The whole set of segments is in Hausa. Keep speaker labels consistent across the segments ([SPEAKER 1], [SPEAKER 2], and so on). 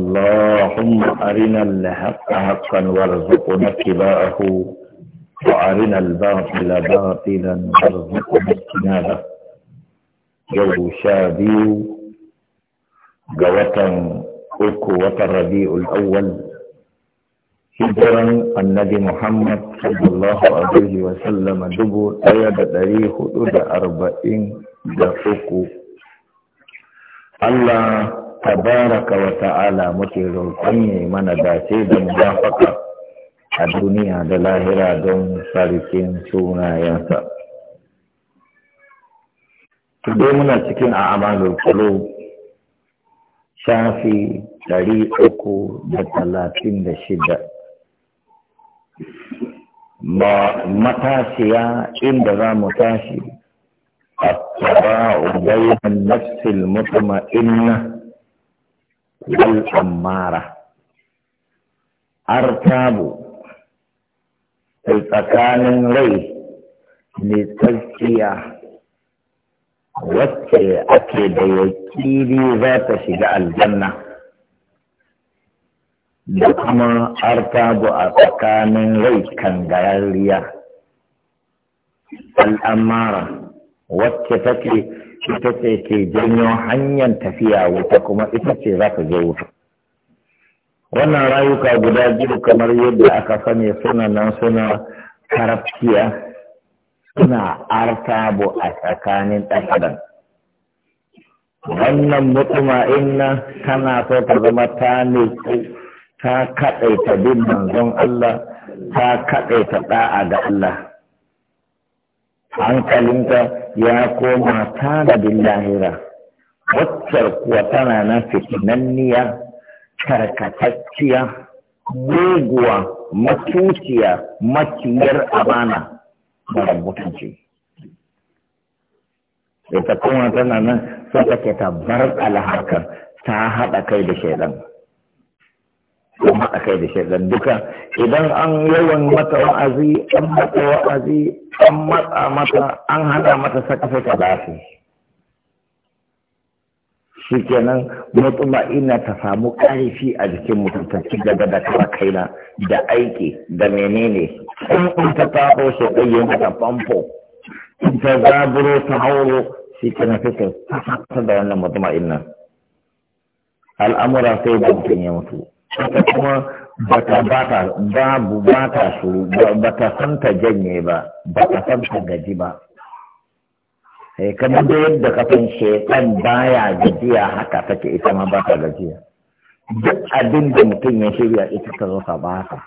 [SPEAKER 1] اللهم أرنا الحق حقا وارزقنا اتباعه وأرنا الباطل باطلا وارزقنا اجتنابه جو شادي جوة أكوة الربيع الأول هجرا النبي محمد صلى الله عليه وسلم دبو أيد تاريخ أربعين دقوق الله tabaraka wa ta'ala muke roƙon ya mana dace da mudafaka a duniya da lahira don sarkin sunayensa. Tudo muna cikin a amalul kulo shafi ɗari uku da talatin da shida. Ba matashiya inda za mu tashi a tsara ubayin nafsil Inna. al'ammara artabu sai tsakanin rai mai tsarkiya wacce ake da yakini za ta shiga aljanna da kuma artabu a tsakanin rai kan gayariya al'amara wacce take ita ce ke janyo hanyar tafiya wuta kuma ita ce za ka je wuta wannan rayuka guda biyu kamar yadda aka sani suna nan suna karafkiya suna artabo a tsakanin ɗan wannan mutuma inna tana so ta zama ta nutsu ta kaɗaita bin manzon Allah ta kaɗaita ɗa'a ga Allah hankalinka ya koma bin lahira waccar kuwa tana na fitinanniya karkatacciya guguwa, matuciya maciyar amana mara mutunci ita kuma tana nan ta ke ta bar alhakar ta haɗa kai da shaidan kuma a kai da shaidan duka idan an yawan mata wa'azi an mata wa'azi an matsa mata an hana mata saka sai lafi shikenan mutuma ina ta samu karfi a jikin mutum ta ci gaba da kara kaina da aiki da menene in ta taɓo shi yin ta famfo in ta zaburo ta hauro shikenan sai ta da wannan mutuma ina al'amura sai da mutum ya mutu haka kuma bata bata babu bata su bata san janye ba bata san gaji ba sai eh, kamar da yadda kafin shekan baya gajiya haka take ita ma bata gajiya duk abin da mutum ya shirya ita ta zo sa bata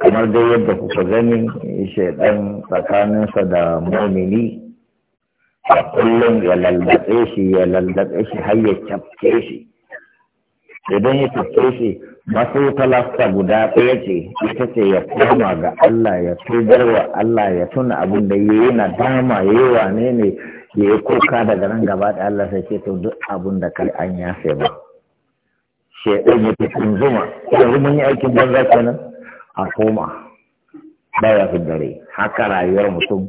[SPEAKER 1] kamar dai yadda kuka gani shaidan tsakaninsa da mumini a kullum ya lallaɓe shi ya lallaɓe shi har ya cafke shi idan ya tuke shi masu talasta guda ɗaya ce ita ce ya koma ga Allah ya tubar wa Allah ya tuna abin da ya yi na dama ya yi wane ne ya yi kuka daga nan gaba da Allah sai ce to duk abin da kai an ya sai ba shaiɗan ya fi zuma yanzu mun yi aikin banza kenan a koma ba ya fi dare haka rayuwar mutum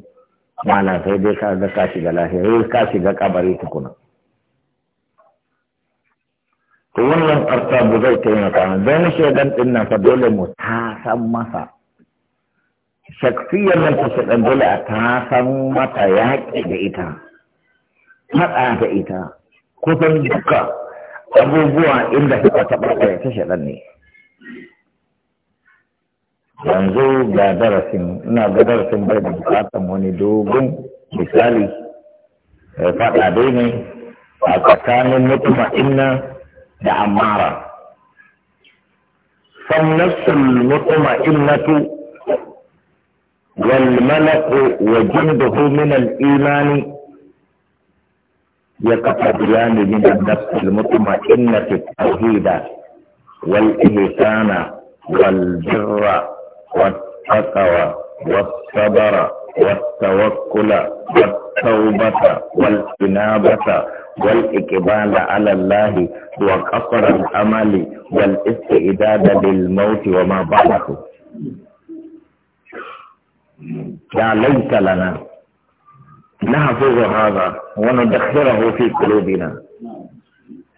[SPEAKER 1] mana sai dai ka ga ka shiga lafiya sai ka shiga kabari tukuna wannan artabu zai taimaka min don shaidan ɗinnan nan fa dole mu ta san masa shakfiyar nan ta shaidan dole a ta san mata yaƙi da ita faɗa da ita kusan duka abubuwa inda suka taɓa kai ta shaidan ne yanzu ga darasin ina ga darasin bai da bukatan wani dogon misali faɗa dai ne a tsakanin mutuma inna da فالنفس المطمئنة والملك وجنده من الإيمان يتقبلان من النفس المطمئنة التوحيد والإحسان والبر والتقوى والصبر والتوكل والتوبة والإنابة Wan ikimanda ala lahi ruwa kafaran amali wani iska idan dalilin mafi maɓaɗaku. Ya lalata lana. Na haifar haza Wani daftarin hufi kulobina.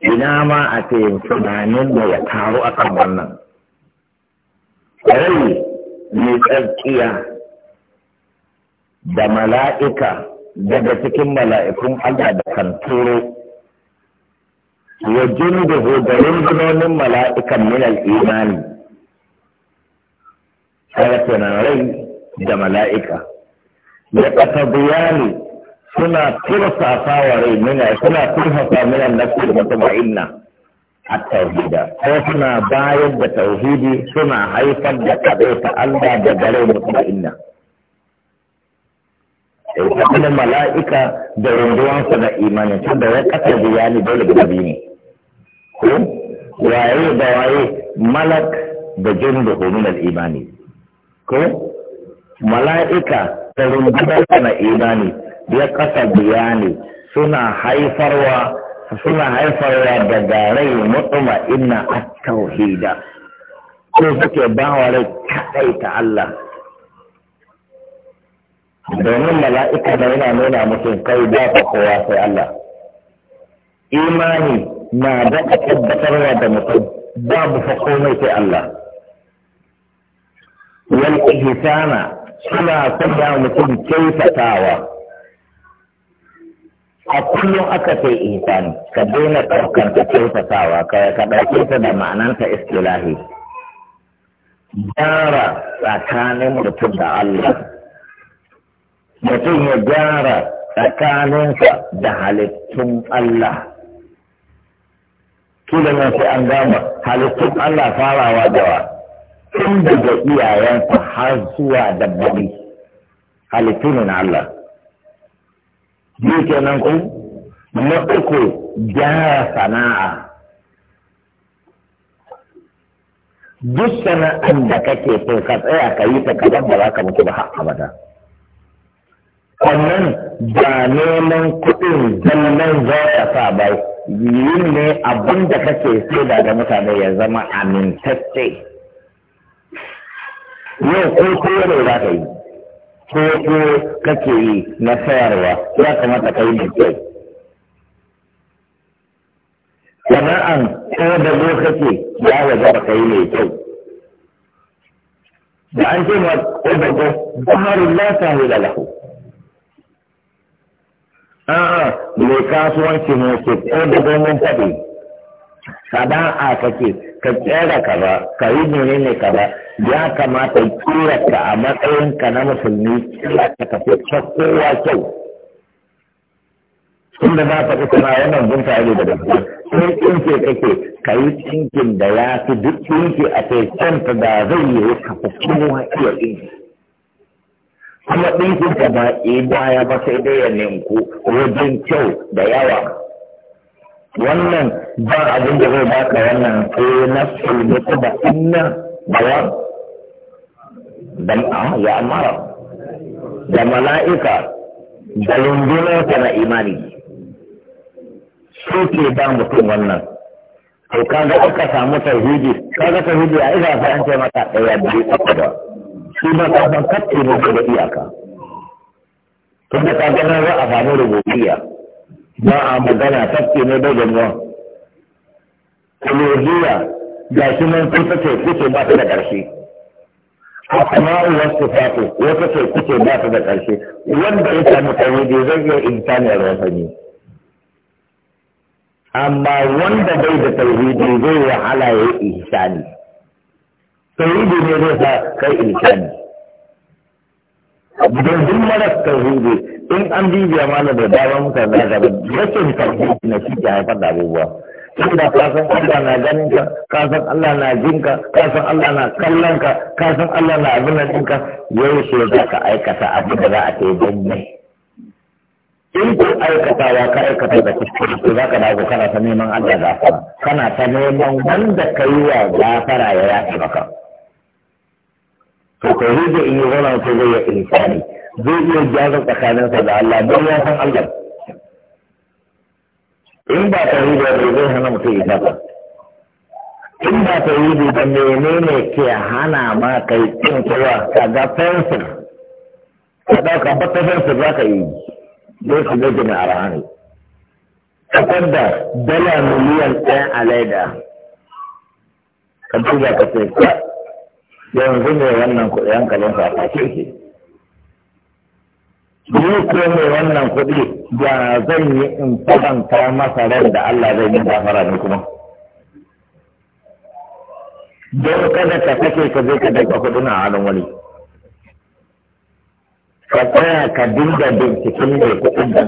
[SPEAKER 1] Ina ma a ke son na da ya taru a wannan? Rai, n yi da mala'ika. daga cikin mala'ikun Allah da kan turo wa junduhu da rundunonin mala'ikan min al-imani sayatunan rai da mala'ika ya kasa biyani suna turfafa wa rai mina suna turfafa mina nafsi da mutuma'inna a tauhida ko suna bayar da tauhidi suna haifar da kaɗai ta Allah da gare mutuma'inna da mala'ika da runduwansa na imanin tun da ya kasa biyani dole guda biyu ne ko waye da waye malak da junduhu da al-imani ko mala'ika da runduwansa na imani ya kasa biyani suna haifarwa suna haifarwa daga rai mutuma inna at-tauhida ko suke bawa rai kadai ta Allah domin mala'ika da yana nuna mutum kai ba ka kowa sai Allah imani na da tabbatarwa da mutum babu fa komai sai Allah wal ihsana suna da mutum kyautatawa a kullum aka ce ihsani ka daina ɗaukar ta kyautatawa ka ɗauke ta da ma'ananta istilahi gyara tsakanin mutum da Allah mutum ya gyara tsakaninsa da halittun Allah kila na sai an gama halittun Allah farawa dawa tun daga iyayensa har zuwa dabbobi halittun na Allah biyu kenan ku na uku gyara sana'a duk sana'an da kake so ka tsaya ka yi ta kadan ba za ka mutu ba abada. wannan ba neman kuɗin zallan za ka sa ba yi ne abin da kake sai da mutane ya zama amintacce yau ko kowa ne za ka yi ko ko kake yi na sayarwa ya kamata ka yi mai kyau sana'an ko da zo kake ya waje ka yi mai kyau da an ce ma ko da ko kamar la ta hila a'a mai kasuwanci ne ke ko da gomin tabi sana'a kake ka tsera ka ba ka yi ne ka ba ya kamata kira ka a matsayin ka na musulmi kira ka tafi ta kowa kyau tun da za ka fi kuma wannan bin tare da gaske sai tsinke kake ka yi tsinkin da ya fi duk tsinke a kai kanta da zai yi ka fi kowa iya tsinke kuma ɗinkin ka ba baya ba sai dai ya ninku wajen kyau da yawa wannan ba abin da zai baka wannan ko nafsul mutaba inna bayan da ah, ya amara da mala'ika da rundunarsa na imani su ke ba mutum wannan to kaga aka samu tauhidi kaga tauhidi a isa sai an ce maka ɗaya biyu uku da shi ba ka san kacce ne da iyaka tun da ka gana za a samu rubutiya ba a magana kacce ne da gangan kalogiya ga shi nan kusa ce kuce ba ta da ƙarshe kuma asma'u wa sifatu wata ce kuce ba ta da ƙarshe wanda ya samu tawhidi zai iya insani wasanni. amma wanda bai da tauhidi zai wahala ya yi ihsani tauhidi ne zai sa kai insani don duk mara tauhidi in an bibiya mana da dama mutane da gaba rashin tauhidi na shi ke haifar da abubuwa tunda ka san Allah na ganin ka ka san Allah na jin ka ka san Allah na kallon ka ka san Allah na abin da ka yau so za ka aikata abin da za a ce don ne in ku aikatawa ka aikata da kuskure to za ka dago kana ta neman Allah gafara kana ta neman wanda ka yi wa gafara ya yafe maka. to kai da in yi zauna ko zai yi insani zai iya gyara sa da Allah don ya san Allah in ba ta yi da zai hana mutum isa ba in ba ta yi da menene ke hana ma kai cin kowa ka ga fensir ka ɗauka ba ta fensir za ka yi zai ka gaji na arahani kasar da dala miliyan ɗaya a laida ka duba ka ce yanzu ne wannan kuɗi hankalin sa a ke ni ko ne wannan kuɗi ya zan yi in faranta masa ran da Allah zai yi gafara ne kuma don kada ka sake ka je ka daga kuɗin a halin wani ka tsaya ka dinga binciken mai kuɗin da.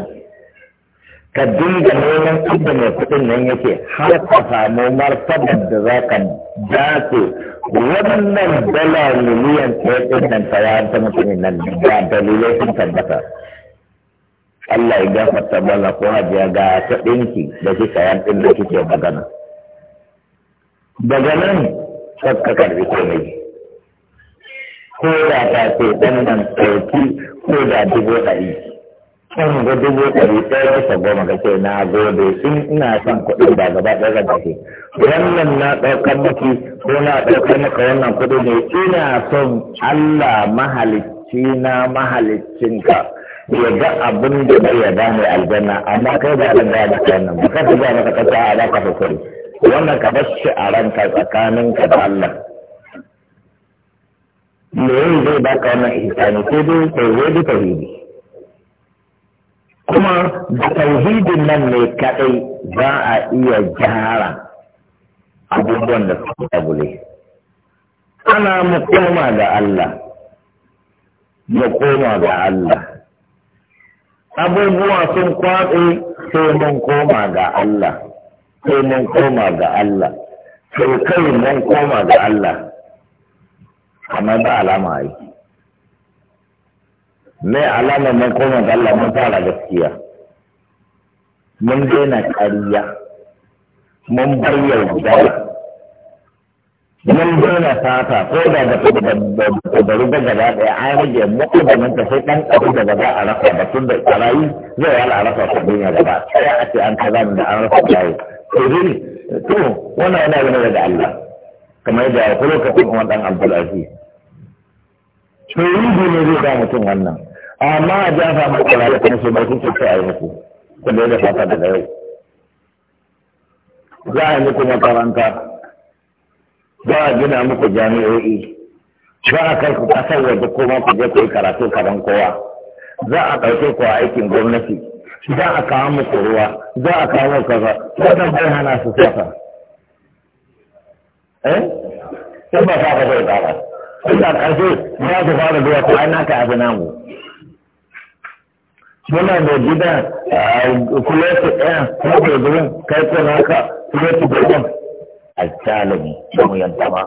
[SPEAKER 1] ka dinga neman inda mai kuɗin nan yake har ka samu martabar da za ka dace wannan dala miliyan ɗaya ɗin nan ta yawar ta mutumin nan da dalilai sun tabbata Allah ya gafarta bala ko hajiya ga ta ɗinki da kika yar ɗin da kike magana daga nan ka karbi komai ko da ta ce ɗan nan ɗauki ko da dubu ɗari kan ga dubu ɗari ɗaya ta goma ce na gode in ina son kuɗi ba gaba ɗaya ga kake wannan na ɗaukar maki ko na ɗaukar maka wannan kuɗi ne ina son Allah mahalicci na mahaliccinka ya ga abin da bai ya ba mai aljanna amma kai ba zan gaya maka wannan ba kai ba maka kasa a ba ka hukuri wannan ka bar shi a ranka tsakaninka da Allah me zai baka wannan ihsani sai dai kai zai bi tauhidi kuma da tauhidin nan ne kadai za a iya gyara abubuwan da suka tabule ana mu koma ga Allah mu koma ga Allah abubuwa sun kwaɗe sai mun koma ga Allah sai mun koma ga Allah sai kai mun koma ga Allah amma ba alama aiki Me alamar mun koma ga Allah mun fara gaskiya mun daina ƙarya mun bar gaba mun daina sata ko da ba ta da ba gaba ɗaya an rage muku da mun ta sai ɗan ƙaru da ba za a rafa ba tun da ƙarayi zai wala a rasa kuɗin ya gaba sai a ce an kaza da an rasa ƙarayi to dai to wannan yana wani daga Allah kamar yadda ya kuma kafin kuma ɗan Abdulaziz. yi ne zai ba mutum wannan. amma a ja fa muku da kuma su ba kuke ce a yi muku ku da da fata daga yau za a yi muku makaranta za a gina muku jami'o'i za a kai ku kasar waje kuma ku je ku yi karatu kaman kowa za a ɗauke ku a aikin gwamnati za a kawo muku ruwa za a kawo muku kaza wannan bai hana su sata eh sai ba fa ba zai ƙara sai da ƙarshe za su fara biya ku ai naka abu namu muna da gida a kuloti ɗaya na gudurin kai ko naka kuloti a talibi da mu yanta ma.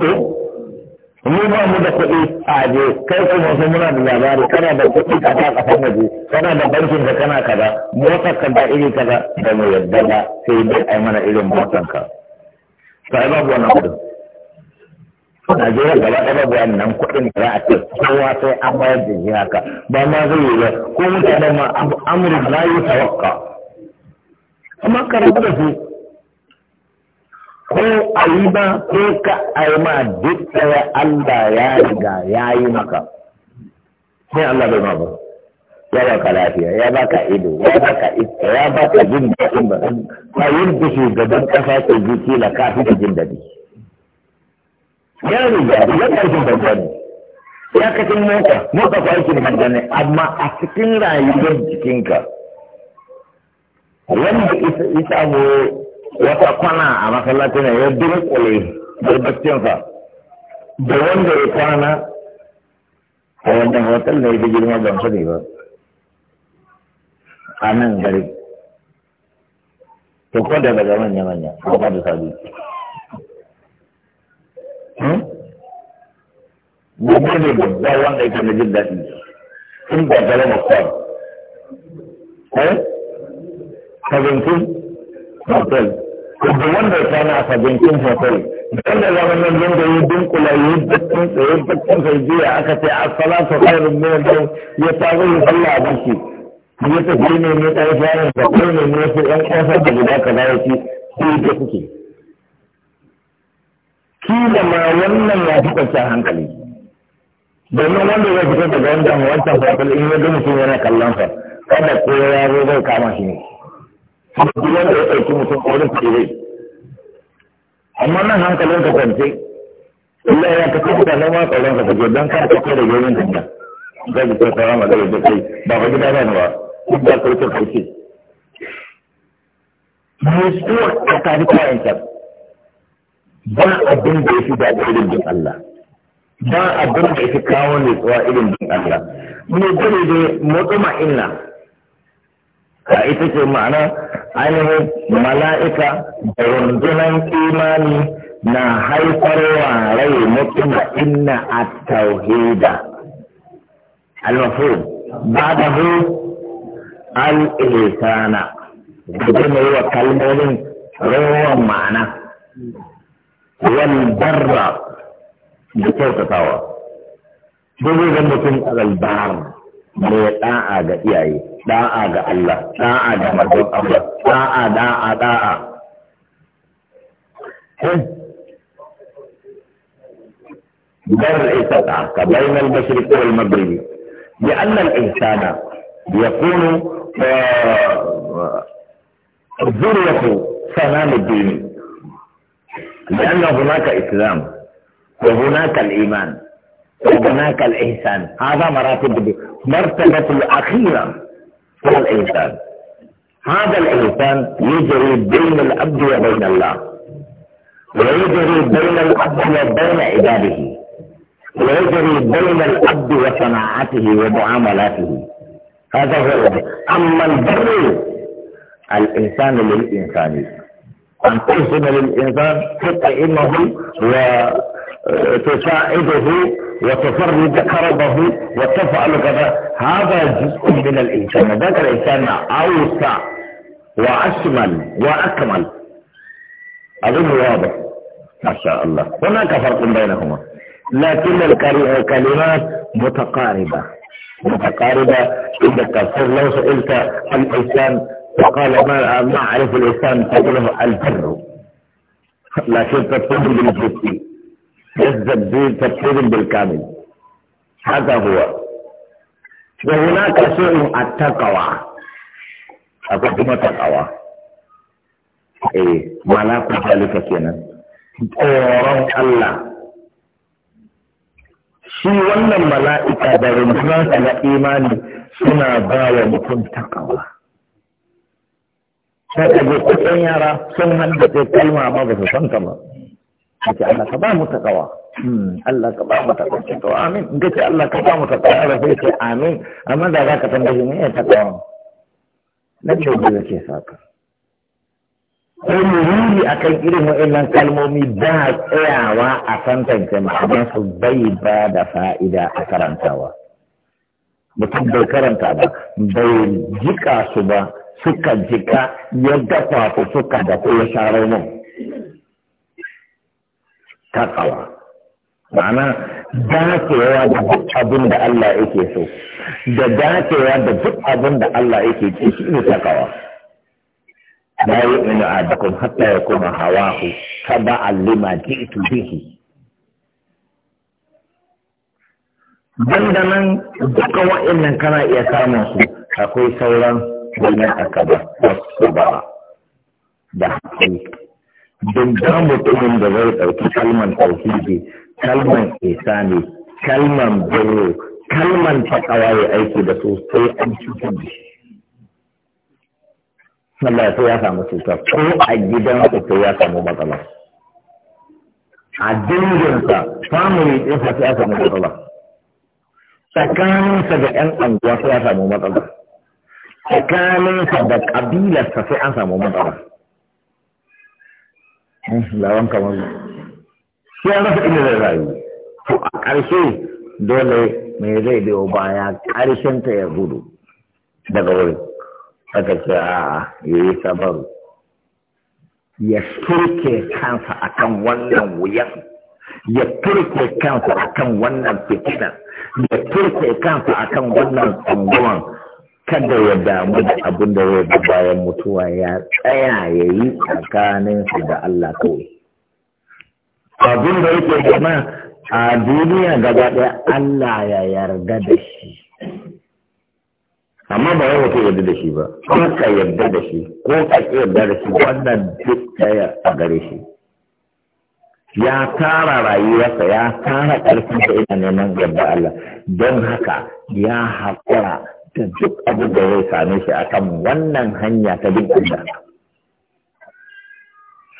[SPEAKER 1] Eh? Mu ba mu da kuɗi a je kai kuma sun muna da labari kana da kuɗi ka ta kasan waje kana da bankin ka kana kaza motar ka da iri kaza da mu yadda ba sai dai ai mana irin motar ka. Sai babu wannan kuɗin. A Najeriya gaba ɗaya babu nan kuɗin da za a ce kowa sai an bayar da shi haka ba ma zai yi ba ko mutanen ma amurka na yi tawakka amma ka rabu da su ko a yi ba ko ka a yi ma duk ɗaya Allah ya riga ya yi maka sai Allah bai ma ba ya ba ka lafiya ya ba ka ido ya ba ka iska ya ba ka jin daɗin ba ba yadda shugaban ƙasa ke ji kila ka fi jin daɗi. ya riga ya karfin babba ne ya kacin mota mota kwaikin babba ne amma a cikin rayuwar jikinka wanda ya samu wata kwana a masallaci ne ya dunkule barbaccinsa da wanda ya kwana a wannan hotel ne ya girma ban sani ba a nan gari to ko da daga manya-manya ko ba da sabi Gobe hmm? ne babba wanda ita na jin daɗi. In ba eh? hotel. wanda ya a sabincin hotel. Wanda nan zan yi dunkula yi bakin tsaye sai aka ce a salatu ya yi a Ya tafi ne ne ɗaya da kai ne ne su ɗan ƙasar da guda ci sai ya kuke. kila ma wannan ya fi kwanciyar hankali
[SPEAKER 2] domin wanda ya fitar daga wancan
[SPEAKER 1] wancan fatal in ya ga shi yana kallon sa kada ko ya zo zai kama shi ne duk wanda ya ɗauki mutum wurin kuɗi amma nan hankalin ka kwance illa ya ka kafa da noma tsaron ka fage don kan kafa da gomin kanya zai fi kai da da kai ba ba gida ba ne ba duk da kayan kyau. ba abin da ya fi irin bin Allah ba abin da ya kawo ne zuwa irin bin Allah mu gani da mutuma inna ka ita ce ma'ana ainihin mala'ika da rundunan imani na haifarwa rai mutuma inna a tauhida المفهوم بعده الإحسان بدون wa kalmomin روى ma'ana. walbarra barra da kyautatawa duk zan mutum albar mai da'a ga iyaye da'a ga Allah da'a ga manzon Allah da'a da'a da'a درء سبعة كبين المشرق والمغرب لأن الإنسان يكون ذرية سلام الدين لأن هناك إسلام وهناك الإيمان وهناك الإحسان هذا مراتب مرتبة الأخيرة هو الإنسان هذا الإنسان يجري بين العبد وبين الله ويجري بين العبد وبين عباده ويجري بين العبد وصناعته ومعاملاته هذا هو أما البر الإنسان للإنسانية أن ترسم للإنسان تطعمه وتساعده آه، وتفرد كربه وتفعل كذا هذا جزء من الإنسان ذاك الإنسان أوسع وأشمل وأكمل أظن واضح ما شاء الله هناك فرق بينهما لكن الكلمات متقاربة متقاربة اذا التفسير لو سئلت الإنسان وقال ما ما اعرف الانسان تقوله البر لكن تفسير بالجزء يزداد تفسير بالكامل هذا هو وهناك شيء التقوى أقدم التقوى إيه ملاك ذلك كنا tsoron الله shi wannan mala'ika da rumfansa na imani suna ba wa mutum takawa sai ka je kusan yara sun haddace kalma ma ba su san ta ba kace Allah ka ba mu takawa hmm, Allah ka ba mu takawa to amin in kace Allah ka ba mu takawa da sai ce amin amma da za ka tambaye me ya takawa na ce da ke saka yi a kan irin wa'annan kalmomi ba tsayawa a san tantance ma'anar su bai ba da fa'ida a karantawa mutum bai karanta ba bai jika su ba suka jika ya dafa su suka da ku ya share mun takawa ma'ana dacewa da duk abin da Allah yake so da dacewa da duk abin da Allah yake ce shi ne takawa la yu'minu ahadukum hatta yakuna hawahu taba'an lima ji'tu bihi dandanan duka wa'annan kana iya samun su akwai sauran wani akaba wasu ba da haƙuri don da mutumin da zai ɗauki kalman tauhidi kalman isani kalman birru kalman takawa ya aiki da su sai an cuta da shi Allah sai ya samu cuta ko a gidan sai ya samu matsala a danginsa family ɗinsa sai ya samu matsala tsakaninsa da 'yan anguwa sai ya samu matsala tsakaninsa da ƙabilarsa sai an samu matsala eh, lawan kamar sai an rasa inda zai rayu to a ƙarshe dole mai zai biyo baya ƙarshen ta ya gudu daga wuri aka ce a ya yi sabar ya turke kansa akan wannan wuyan ya turke kansa akan wannan fitinan. ya turke kansa akan wannan tsangwaman kada ya damu da abin da zai bayan mutuwa ya tsaya ya yi su da Allah kawai abin da yake zama a duniya gaba ɗaya Allah ya yarda da shi amma ba yau ka yarda da shi ba ko ka yarda da shi ko ka yarda da shi wannan duk ɗaya a gare shi ya tara rayuwarsa ya tara ƙarfinsa ina neman yarda Allah don haka ya haƙura da duk abin da zai same shi a kan wannan hanya ta bin Allah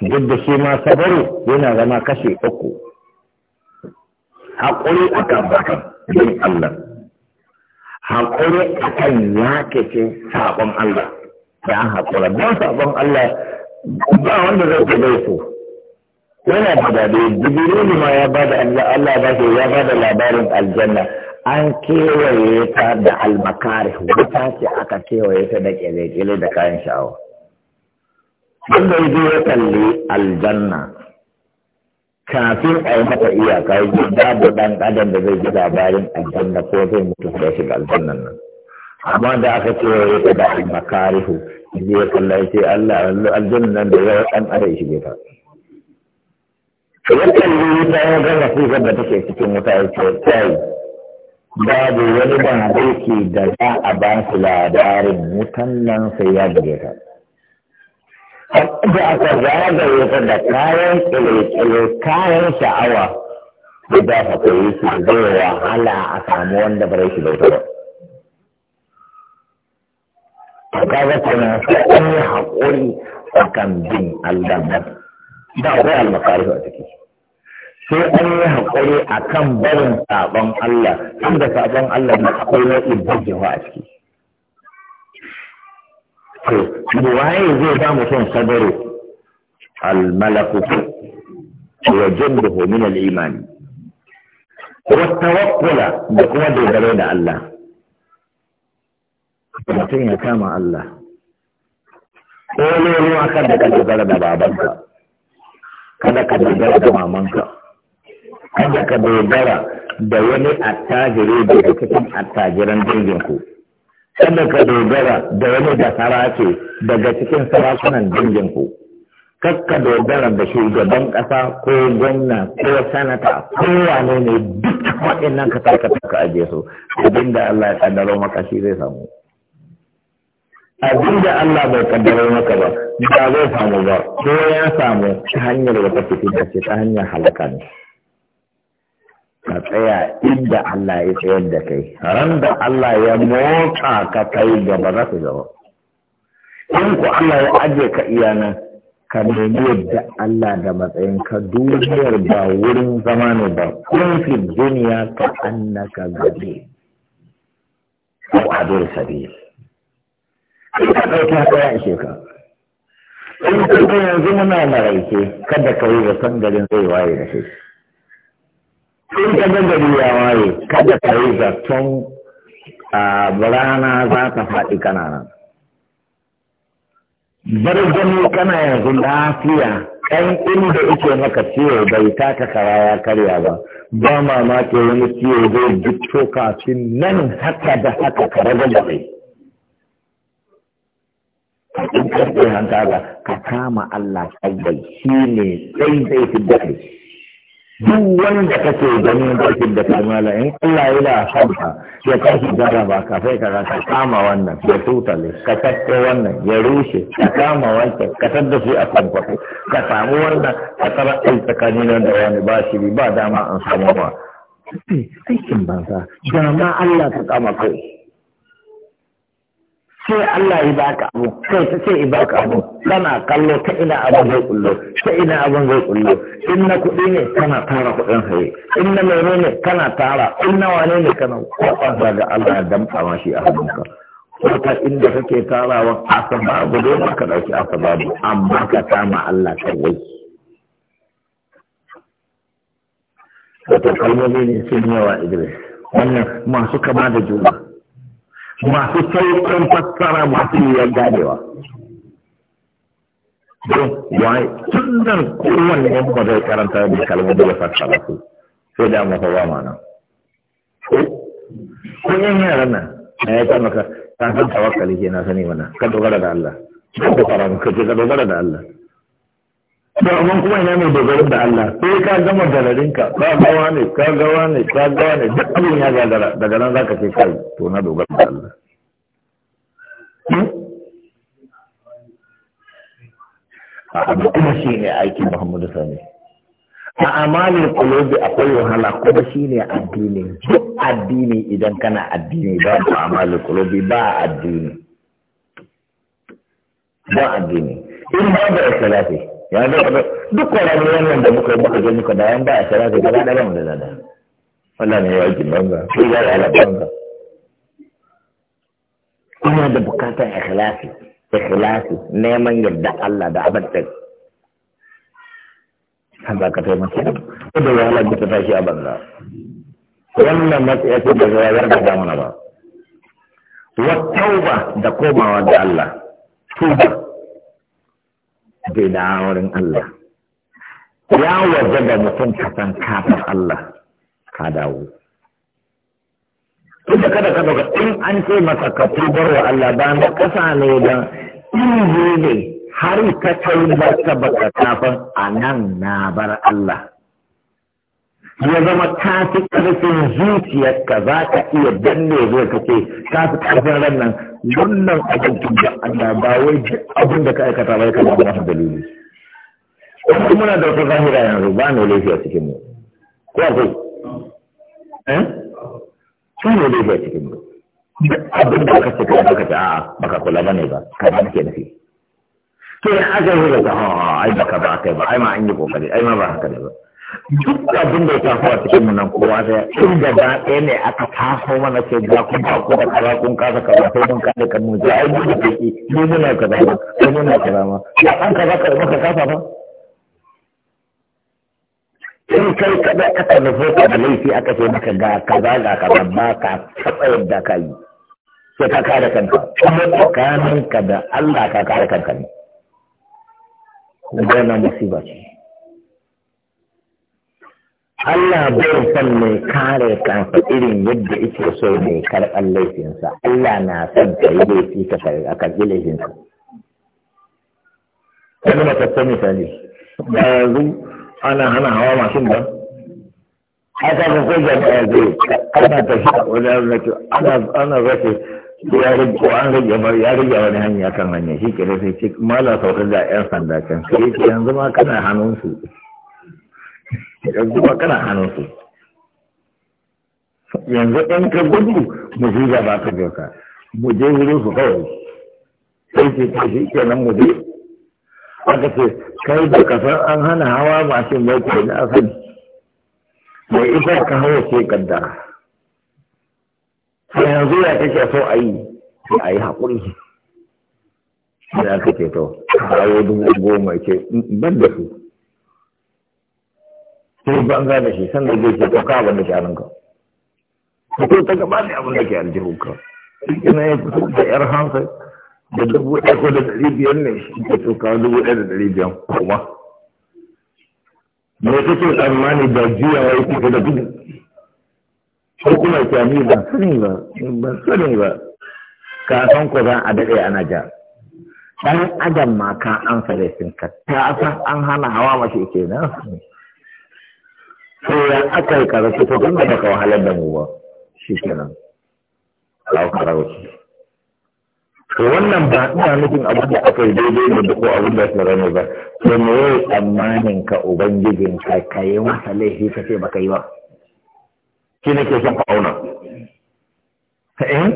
[SPEAKER 1] duk da shi ma sabaru yana zama kashe uku haƙuri kan bakan bin Allah haƙuri akan ce sabon Allah da an haƙura don sabon Allah ba wanda zai ga so yana da daɗi jibrilu ma ya da Allah Allah ba shi ya da labarin aljanna an kewaye ta da almakari wuta ce aka kewaye ta da kyale-kyale da kayan sha'awa wanda da yi ya kalli aljanna kafin a yi mata iyaka yi ji babu ɗan adam da zai ji labarin aljanna ko zai mutu da shiga aljannan nan amma da aka kewaye ta da almakari zai ya kalla ya ce Allah aljannan nan da ya ɗan ya shige ta ya yi wuta ya gama sifar da take cikin wuta ya ce
[SPEAKER 2] babu wani bangarki da za a ba su labarin
[SPEAKER 1] wutan nan sai ya buge ta. Da aka zagaye ta da kayan kile-kile kayan sha'awa da za ka koyi su zai wahala a samu wanda bare shi bauta ba. A kaga tana sai an yi haƙuri kan bin Allah ba. Ba akwai almakarihu a ciki. sai an yi haƙuri a kan barin sabon Allah da sabon Allah na akwai nau'in burgewa a ciki. To, waye zai ba mutum sadaro almalaku wa jadduhu min al-imani
[SPEAKER 2] Wata tawakkula da kuma dogaro da Allah.
[SPEAKER 1] Mutum ya kama Allah. Ko ne ruwa kan da ka dogara da babanka. Kada ka dogara da mamanka. kada ka dogara da wani attajiri daga cikin attajiran danginku kada ka dogara da wani da sarace daga cikin sarakunan danginku kakka dogara da shugaban ƙasa ko gwamna ko sanata ko wane ne duk waɗannan ka taka taka aje su da Allah ya kaddaro maka shi zai samu Abin da Allah bai kaddaro maka ba ba zai samu ba ko ya samu ta hanyar wata da ce ta hanyar halaka ne ka tsaya inda Allah ya tsayar da kai ran da Allah ya motsa ka kai gaba za ka gaba
[SPEAKER 2] in ku Allah ya
[SPEAKER 1] ajiye ka iyana, ka nemi yadda Allah da matsayin ka duniyar ba wurin zama ne ba kun fi duniya ka annaka gabe ko adur ka dauki haka ya ishe ka in kuma yanzu muna maraike kada ka yi da sangarin garin zai waye da shi in ka gari ya waye kada ka yi zaton a rana za ta faɗi kana nan bar gani kana yanzu lafiya ɗan inda ike maka ciwo bai taka kara ya karya ba ba mamaki wani ciwo zai jikto kafin nan haka da haka ka da kai in karɓe hankala ka kama Allah tsaye shi ne sai zai fi da kai duk wanda kake ganin barkin da kamala in Allah ya da hanta ya kashi jaraba ka sai ka ka kama wannan ya tutale ka takke wannan ya rushe ka kama wancan ka tadda shi a kan kwafi ka samu wannan ka tsara tsakanin da wani ba shi ba dama an samu ba
[SPEAKER 2] aikin banza
[SPEAKER 1] dama Allah ka kama kai sai Allah ya baka abu kai ta sai ya baka abu kana kallo ta ina abun zai kullo ta ina abun zai kullo in na kuɗi ne kana tara kuɗin haye in na mene ne kana tara in na wane ne kana kwakwasa ga Allah ya damfa ma shi a hannunka wata inda kake tarawa a san babu dole ka ɗauki a babu amma ka kama Allah kawai wata kalmomi ne sun yawa Idris wannan masu kama da juna masu sauƙin fassara masu ya ganewa don wai tun nan kowanne yan ba zai karanta da kalmar da ya fassara su sai da masa ba ma nan. ko yin yaran nan na ya kama ka san tawakkali ke na sani mana ka dogara da Allah ka dogara da Allah to amma kuma ina mai dogaro da Allah sai ka gama galarinka ka gawa ne ka gawa ne ka gawa ne duk abin ya gagara daga nan zaka ce kai to na dogaro da Allah hmm? a kuma shi ne aikin Muhammadu Sani a amalin kulobi akwai wahala kuma shi ne addini duk addini idan kana addini ba a amalin kulobi ba addini ba addini in ba da ikhlasi ya zama duk kwararru wannan da muka yi muka je muka da yan ba a shara da gaba da mu da lada wannan ne ya yi banza sai ya yi banza Ina da bukatar ikhlasi ikhlasi neman yadda Allah da abada da kan ba ka taimaka ko da wahala da ta tashi a banza wannan matsayi ce da zai da na ba wa tauba da komawa da Allah tuba bida wurin Allah ya waje da mutum ka san kafin Allah ka dawo tunda kada ka daga in an ce masa ka tubar wa Allah ba na kasa ne don inji ne har ka taubar ka baka kafin a nan na bar Allah ya zama ta fi ƙarfin zuciyarka za ka iya danne zai ka ce fi ƙarfin ran nan wannan abin da Allah ba wai abin da ka aikata ba ya kama da masa dalili Wani kuma na da wata zahira yanzu ba ni wale a cikin mu ko akwai eh ba ni wale a cikin mu abin da ka ce ka aka ce a'a ba ka kula ba ne ba ka ba nake nufi to ya aka yi da ta ha ai ba ka ba kai ba ai ma an yi kokari ai ma ba haka ne ba duk abin da ya tafi a cikin mu nan kowa da in da ba ɗaya ne aka taso mana ce ga kun ba ku da kaza kun kasa kaza sai mun kada kan mun ai mu da kake ne muna kaza ma sai muna kaza ma ya an kaza ka maka kasa ba in kai kada ka tafi ka da laifi aka ce maka ga kaza ga kaza ba ka taɓa yadda ka yi sai ka kare kanka kuma tsakaninka da Allah ka kare kanka ne wannan musiba ce Allah bai son mai kare kansa irin yadda yake so mai karɓar laifinsa. Allah na son ka yi laifi ka karɓi laifinsa. Wani matattar misali, ba yanzu ana hana hawa mashin ba. Aka ga ko da ba zai ana tafiya wajen rage ana ana rage ya rage an rage ba ya rage wani hanya kan hanya shi ke da sai ce mala saukar da 'yan sanda can sai yanzu ma kana hannun su. Yanzu ba kana hannunsu yanzu ɗan ka gudu mu shi ga ba ka doka mu je wurin su kawai sai ce ta shi nan mu je aka ce kai da ka san an hana hawa shi mai kai na asali mai ita ka hawa ce kaddara sai yanzu ya kake so a yi sai a yi haƙuri sai aka ce to a dubu goma ce ban da su sai banza da shi sannan zai ce ɗauka abin da ke ka ko ta gaba ne abin da ke ka ina ya fito da yar hansa da dubu ɗaya ko da ɗari biyar ne shi ke tuka dubu ɗaya da ɗari biyar kuma me kake tsammani da juyawa ya fito da gudu ko kuma kyami ba sani ba ban sani ba ka san ko zan a daɗe ana ja ɗan adam ma ka an sare sun ka ta san an hana hawa mashi nan to ya aka yi karatu to kan da baka wahalar da mu ba shi kenan kawo karatu to wannan ba ina nufin abu da aka yi daidai da duk abu da suka rane ba to me yayi tsammanin ka ubangijin ka kai masa laifi ka ce baka yi ba shi ke son ka auna eh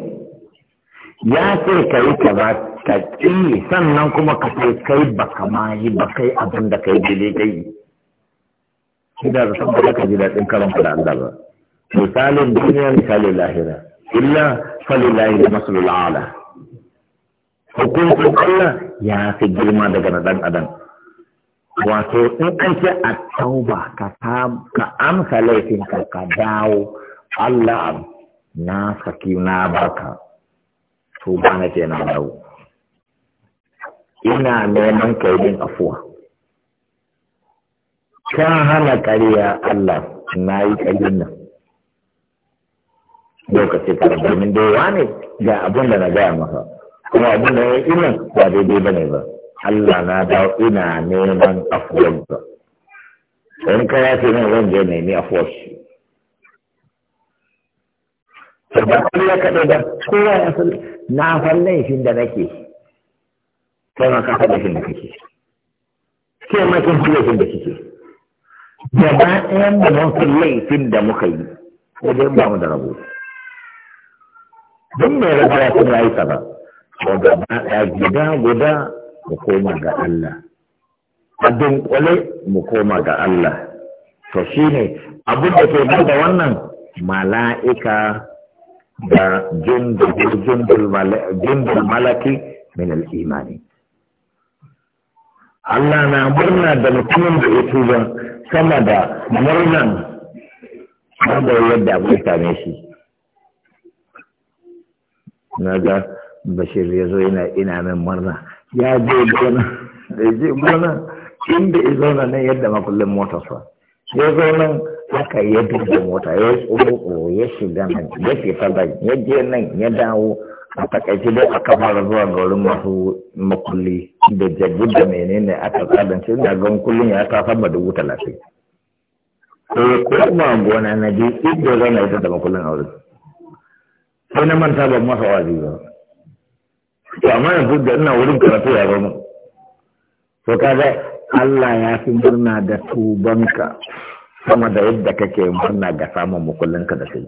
[SPEAKER 1] ya ce ka yi ba ka ƙi sannan kuma ka kai kai baka ma yi ba kai abin da yi daidai shi da san ba ka ji daɗin karon da Allah ba misalin duniya misalin lahira illa da masalul ala hukuncin Allah ya fi girma daga na dan adam wato in an ce a tauba ka amsa laifin ka ka dawo Allah na saki na baka to ba na ce na dawo ina neman kai afuwa ka hana ƙarya Allah na yi ƙaryar nan lokaci tare domin yawa ne, ga abin da na gaya maka kuma abin da ya ina ba daidai ba ne ba Allah na dawo ina neman afuwar ba
[SPEAKER 2] in ka ya ce nan zan je
[SPEAKER 1] nemi afuwar shi ba ya kaɗai ba kowa ya san na san laifin da nake kai ma ka san shi da kake ke. makin kin shi da kike gaba ɗayan da laifin da muka yi wajen ba mu da rabo don mai rabo ya san yayi kaza gaba ɗaya gida guda mu koma ga Allah a dunkule mu koma ga Allah to shine abin da ke da wannan mala'ika da jundul jundul malaki min al-imani Allah na murna da mutumin da ya tuba sama da murnan
[SPEAKER 2] da yadda abu ya same
[SPEAKER 1] shi. Na ga Bashir ya zo yana ina min murna ya je gona da je gona inda ya zauna nan yadda makullin mota sa. Ya nan haka ya duba mota ya tsoro ya shiga nan ya fita nan ya je nan ya dawo a takaice dai aka fara zuwa ga wurin masu makulli da jabu da menene aka tsadance da gan kullum ya ta sama dubu talatin eh kuma gona na je inda zan yi da makullin a wurin sai na manta ban masa wazi ba to amma yanzu da ina wurin karatu ya zama to kaga Allah ya fi murna da tubanka sama da yadda kake murna ga samun makullinka da kai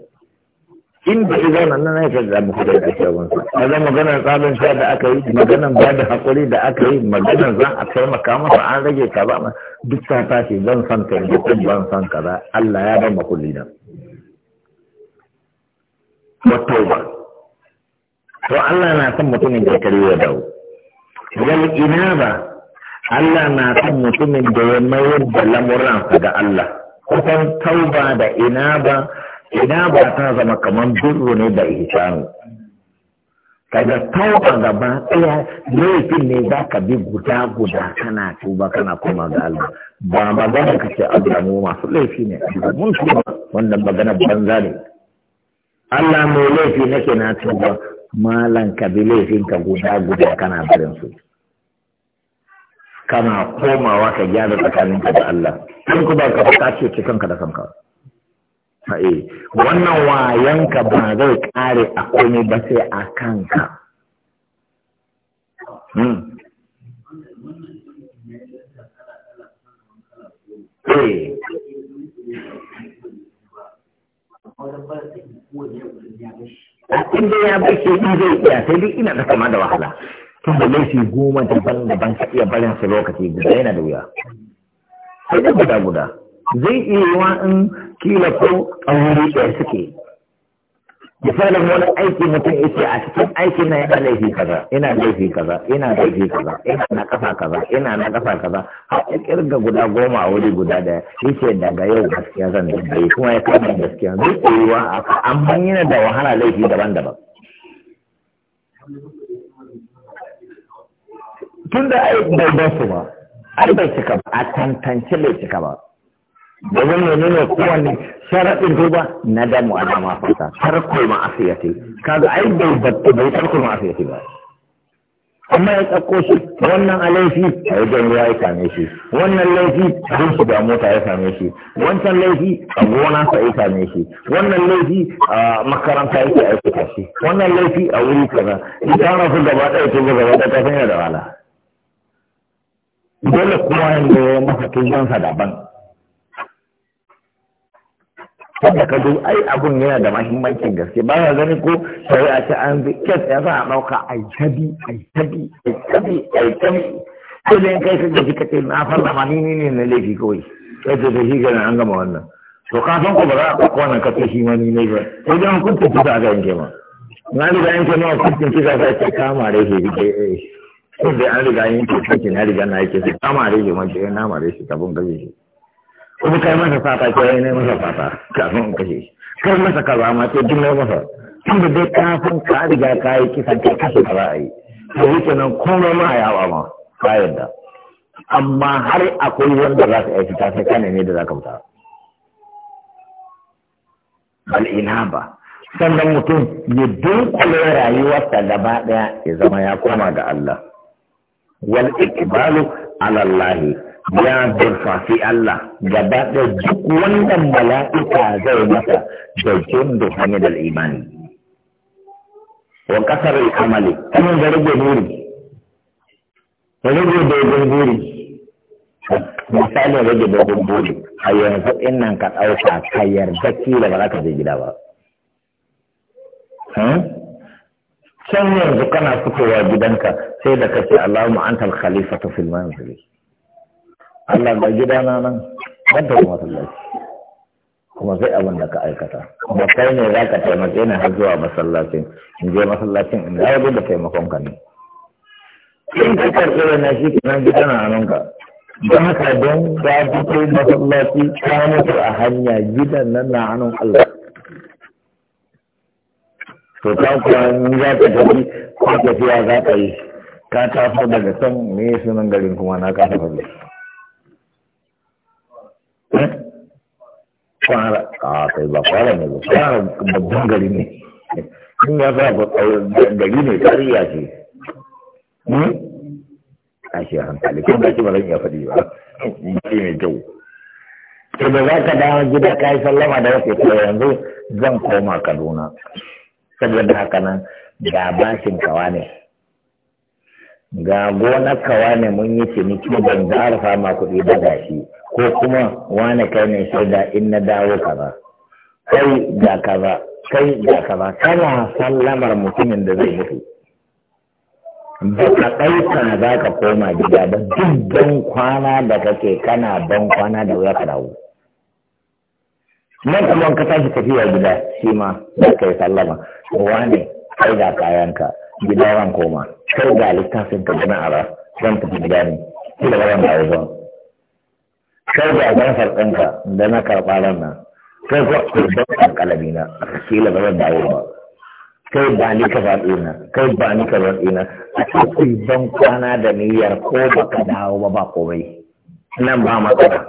[SPEAKER 1] in ba shi zauna nan ya da mu kudai da kyawun sa kaga maganar tsarin sha da aka yi maganar ba da haƙuri da aka yi maganar za a taimaka masa an rage ka ba ma duk ta tashi zan san ka yi kun ban san ka za Allah ya ba makulli nan ba to Allah na san mutumin da kare ya dawo ina inaba Allah na san mutumin da ya mayar da lamuransa ga Allah kusan tauba da inaba ina ba ta zama kamar duru ne da ihsanu kaga tauba gaba ɗaya laifin ne za ka bi guda guda kana tuba kana koma ga Allah ba magana ka ce Allah masu laifi ne mun tuba wannan magana banza ne Allah mu laifi nake na tuba malan ka bi laifin ka guda guda kana barin su kana komawa ka gyara tsakaninka da Allah in ku ba ka fuka ce ka da kanka Eh, wannan wayanka ba zai kare a komai ba sai a kanka hmm. eh. in dai ya bai shi zai iya sai ina da kama da wahala tun da laifi goma daban-daban ka iya barin su lokaci guda yana da wuya sai dai guda-guda zai iya yi in kila ko a wuri ɗaya suke misalin wani aiki mutum yake a cikin aiki na yana laifi kaza ina laifi kaza ina laifi kaza ina na kafa kaza ina na kafa kaza har ya kirga guda goma a wuri guda da yake daga yau gaskiya zan yi kuma ya kama gaskiya zai iya koyuwa a amma yana da wahala laifi daban-daban tun da ai bai ba ai bai cika ba a tantance bai cika ba da wannan ne ne kowanne sharaɗin ba na damu a dama fata tarkul ma'asiyati kaga ai bai batta bai tarkul ma'asiyati ba amma ya tsakko shi wannan a laifi a yi jan ruwa ya same shi wannan laifi a yin shiga mota ya same shi wancan laifi a gona sa ya same shi wannan laifi a makaranta yake aikata shi wannan laifi a wuri kaza ita ana gaba ɗaya ce gaba ɗaya ta sanya da wala dole kuma yanzu ya masa tunansa daban wanda ka zo ai abun yana da mahimmancin gaske ba ya gani ko shari'a ce an bi kes ya za a ɗauka ai tabi ai tabi ai tabi ai tabi ko da kai ka gaji ka ce na fara ma ni ne na laifi kawai kai da shi na an gama wannan to ka san ko ba za a ɗauka wannan ka ce shi ma ni ne ba sai dai hukuncin kisa aka yanke ma na riga yanke ma hukuncin kisa sai ka kama da shi ko da eh. an riga yanke hukuncin na riga na yake sai kama da shi ma ke na da shi tabun da shi kuma kai masa fata ke yayi ne masa fata kafin in kashe kai masa kaza ma ce jin ne masa tunda dai ka san ka riga ka yi kisa kai kashe ka za a yi to yake nan kuma ma ba ma ka yadda amma har akwai wanda za ka aiki sai kane ne da za ka fita bal ina ba sannan mutum ya dunkule rayuwarsa gaba daya ya zama ya koma ga Allah wal ikbalu ala Allah ya durfafi Allah gaba da duk wannan mala'ika zai masa da jundu hamidal imani wa kasar amali kuma da rage buri da rage dogon buri misalin rage dogon buri a yanzu in nan ka ɗauka ka yarda kila ba za ka je gida ba hmm? can yanzu kana fitowa gidanka sai da kace Allahumma antal khalifatu fil manzili Allah ga gidana nan ban kuma masallaci kuma sai abin da ka aikata kuma kai ne za ka taimake ni har zuwa masallacin in je masallacin in rabu da taimakon ka ne in ka karɓi na shi ke nan gidana a nan ka don haka don ba ta kai masallaci ta mutu a hanya gidan nan na hannun Allah to ta kuwa in za ka tafi ko tafiya za ka yi ka taso daga can me sunan garin kuma na ka tafi Eh? fara a ah, kai ba fara ne ba fara babban gari ne in ya fara gari ne kariya ce hmm? Ashe hankali kuma da shi ba zan iya faɗi ba ba mai kyau to da za ka dawo gida ka yi sallama da wasu ko yanzu zan koma kaduna saboda haka nan ga bashin kawa ne ga gonar kawa ne mun yi ciniki ban za a rufa ma kuɗi ba gashi ko kuma wane kai ne shaida in na dawo kaza kai da kaza kai da ba kana sallamar mutumin da zai mutu ba ka ɗauka za ka koma gida ba duk don kwana da kake kana don kwana da wuya ka dawo nan kuma ka tashi tafiya gida shi ma za ka yi sallama wane kai da kayanka gida ran koma kai da littafin ka gina ara zan tafi gida ne kila ba zan dawo ba kai da ban farɗinka da na karɓa ran nan kai ko kalami na ba zan dawo kai ba ni ka faɗi na kai ba ni ka a cikin ban kwana da niyyar ko baka dawo ba ba komai nan ba matsala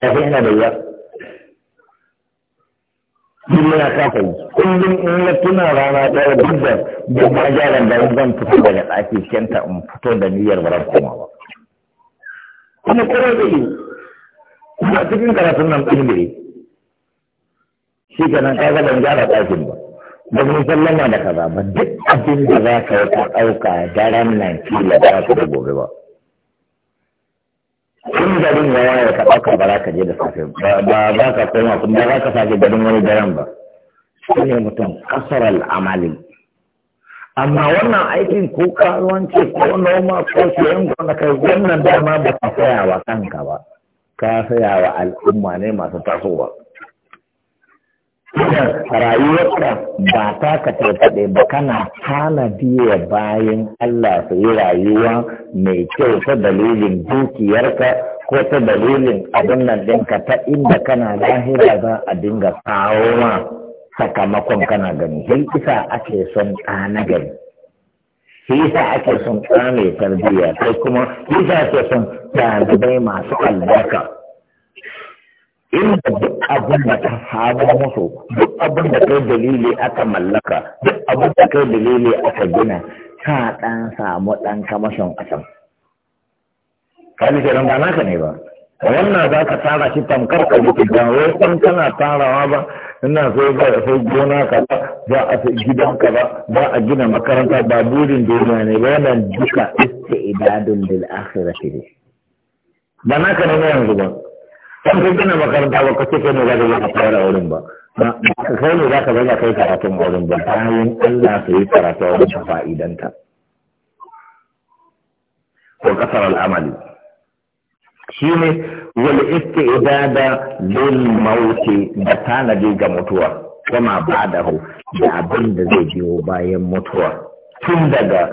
[SPEAKER 1] tafi da kullum kafa yi kullum in ya tuna rana ɗaya duk da ba jaran da zan fito daga ɗaki kenta in fito da niyyar ba ba kuma kowa zai yi kuma cikin karatun nan ɗin yi shi ka nan kaga ban gyara ɗakin ba ba mu sallama da kaza ba duk abin da za ka yi ka ɗauka daren nan kila ba ka da gobe ba in garin ya waya ka ɗauka ba za ka je da safe ba za ka koma kuma za ka sake garin wani daren ba shi ne mutum kasar al'amalin amma wannan aikin ko karuwanci ko noma ko siyan kai wannan dama ba ka saya wa kanka ba ka saya wa al'umma ne masu tasowa rayuwarka ba ta ka taitaɗe ba kana hana wa bayan Allah su yi rayuwa mai kyau ta dalilin dukiyarka ko ta dalilin abin nan ɗinka ta inda kana lahira za a dinga kawo ma sakamakon kana gani sai isa ake son ɗa na gari shi yasa ake son ɗa mai tarbiyya kai kuma isa ake son ɗalibai masu albarka inda duk abin da ta samu musu duk abin da kai dalili aka mallaka duk abin da kai dalili aka gina ka ɗan samu ɗan kamashin asan. Kali kenan ba naka ne ba. wannan za ka tara shi tamkar ka mutu ba wai san kana tarawa ba ina so ba sai gona ka ba za a sai gidan ka ba za a gina makaranta ba burin duniya ne ba yana duka istidadun lil akhirati ne ba na ka nuna yanzu ba san ka gina makaranta ba ka ce kai ne za ka zaka fara wurin ba kai ne za ka zaka kai karatun wurin ba bayan Allah su yi karatu wurin fa'idanta ko kasar al'amali shi ne wal istidada lil mauti da tanadi ga mutuwa kuma ba da hu da abin da zai biyo bayan mutuwa tun daga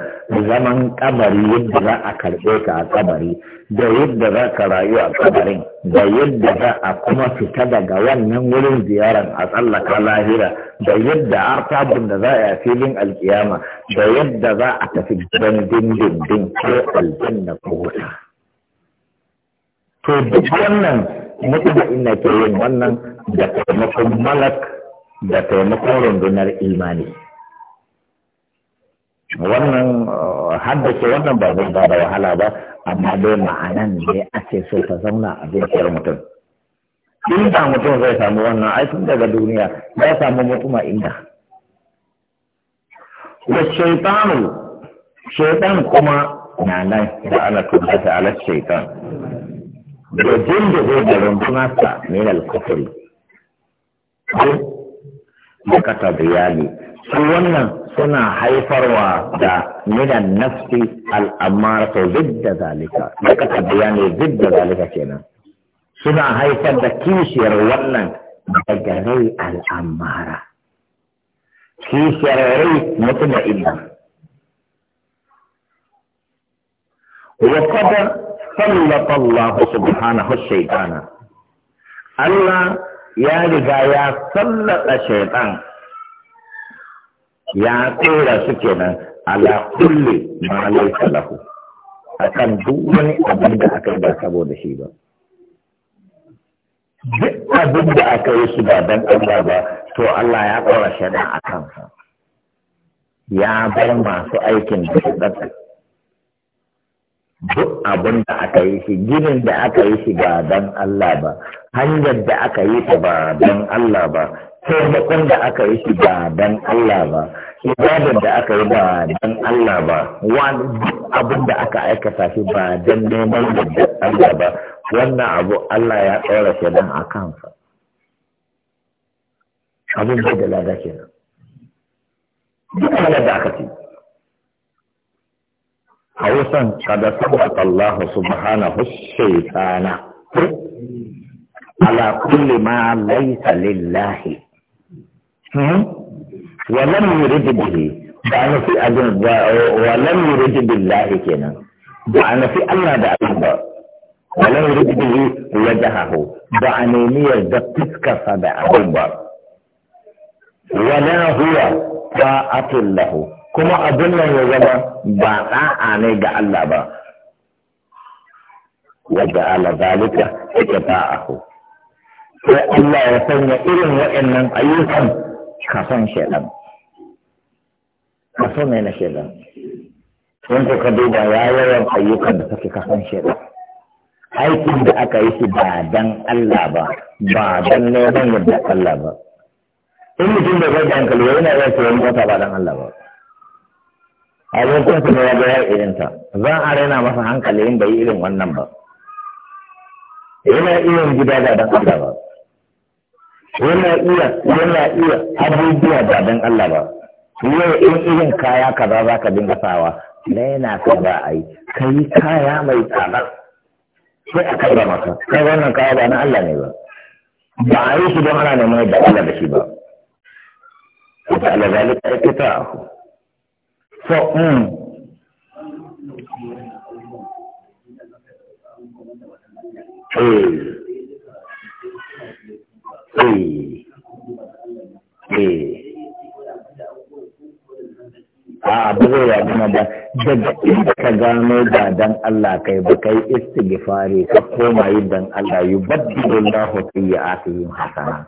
[SPEAKER 1] zaman kabari yadda za a karɓe ka a kabari da yadda za ka rayu a kabarin da yadda za a kuma fita daga wannan wurin ziyarar a tsallaka lahira da yadda artabun da za a filin alkiyama da yadda za a tafi gidan dindindin ko aljanna ko wuta to duk wannan mutum ina ke yin wannan da taimakon malak da taimakon rundunar imani wannan uh, haddace wannan ba zai ba da wahala ba amma dai ma'anan ne ake so ta zauna a zuciyar mutum in mutum zai samu wannan aikin daga duniya ya samu mutuma inda da shaitanu shaitan kuma na nan da ana tuntata ala shaitan
[SPEAKER 2] da jinda da rumfunarsa
[SPEAKER 1] min al-kufri da kata biyali su wannan suna haifarwa da minan nafsi al'amara to zidda zalika da kata biyali zidda zalika kenan suna haifar da kishiyar wannan daga rai al'amara kishiyar rai mutu da illa wa kadar sallata Allah subhanahu shaytana Allah ya riga ya sallata shaytan ya tsira su kenan ala kulli ma laysa lahu akan duk wani abin da aka ba saboda shi ba duk abin da aka yi su ba dan Allah ba to Allah ya ɗora shaɗa a kansa ya bar masu aikin da su duk abin da aka yi shi ginin da aka yi shi ba don Allah ba hanyar da aka yi ta ba don Allah ba taimakon da aka yi shi ba don Allah ba ibadar da aka yi ba don Allah ba wani abin da aka aikata shi ba don neman da Allah ba wannan abu Allah ya tsara shi don a kansa abin da lada nan. duk da aka ce hausan kada sabata Allah subhanahu shaitana ala kulli ma laysa lillahi wa lam yurid bihi ba na fi ajin wa lam yurid billahi kenan ba na fi Allah da Allah ba
[SPEAKER 2] wa lam yurid bihi
[SPEAKER 1] wajahahu ba a nemi yarda fuskarsa da abin ba
[SPEAKER 2] wala huwa
[SPEAKER 1] ta'atul lahu kuma abin nan ya zama ba ɗa'a ne ga Allah ba wadda ala zalika yake ta'ahu sai Allah ya sanya irin waɗannan ayyukan kafan shaidan kaso ne na shaidan in ka duba ya yawan ayyukan da suke kafan shaidan aikin da aka yi shi ba dan Allah ba ba dan neman yadda Allah ba in mutum da zai da hankali yana iya tsoron kwata ba dan Allah ba abokin kuma ya ga irin ta? Zan a raina masa hankali in bai irin wannan ba yana iya gida da dan Allah ba yana iya yana iya abubuwa ba dan Allah ba yau in irin kaya kaza za ka dinga sawa na yana ka ba a yi ka yi kaya mai tsada sai a kai ba masa kai wannan kaya ba na Allah ne ba ba a yi shi don ana neman da Allah da shi ba. Allah zalika ya fita a ku. so mm eh eh ba ka gano ba dan Allah kai ba kai istighfari ka koma yin dan Allah yubaddilu Allahu sayyi'atihim hasana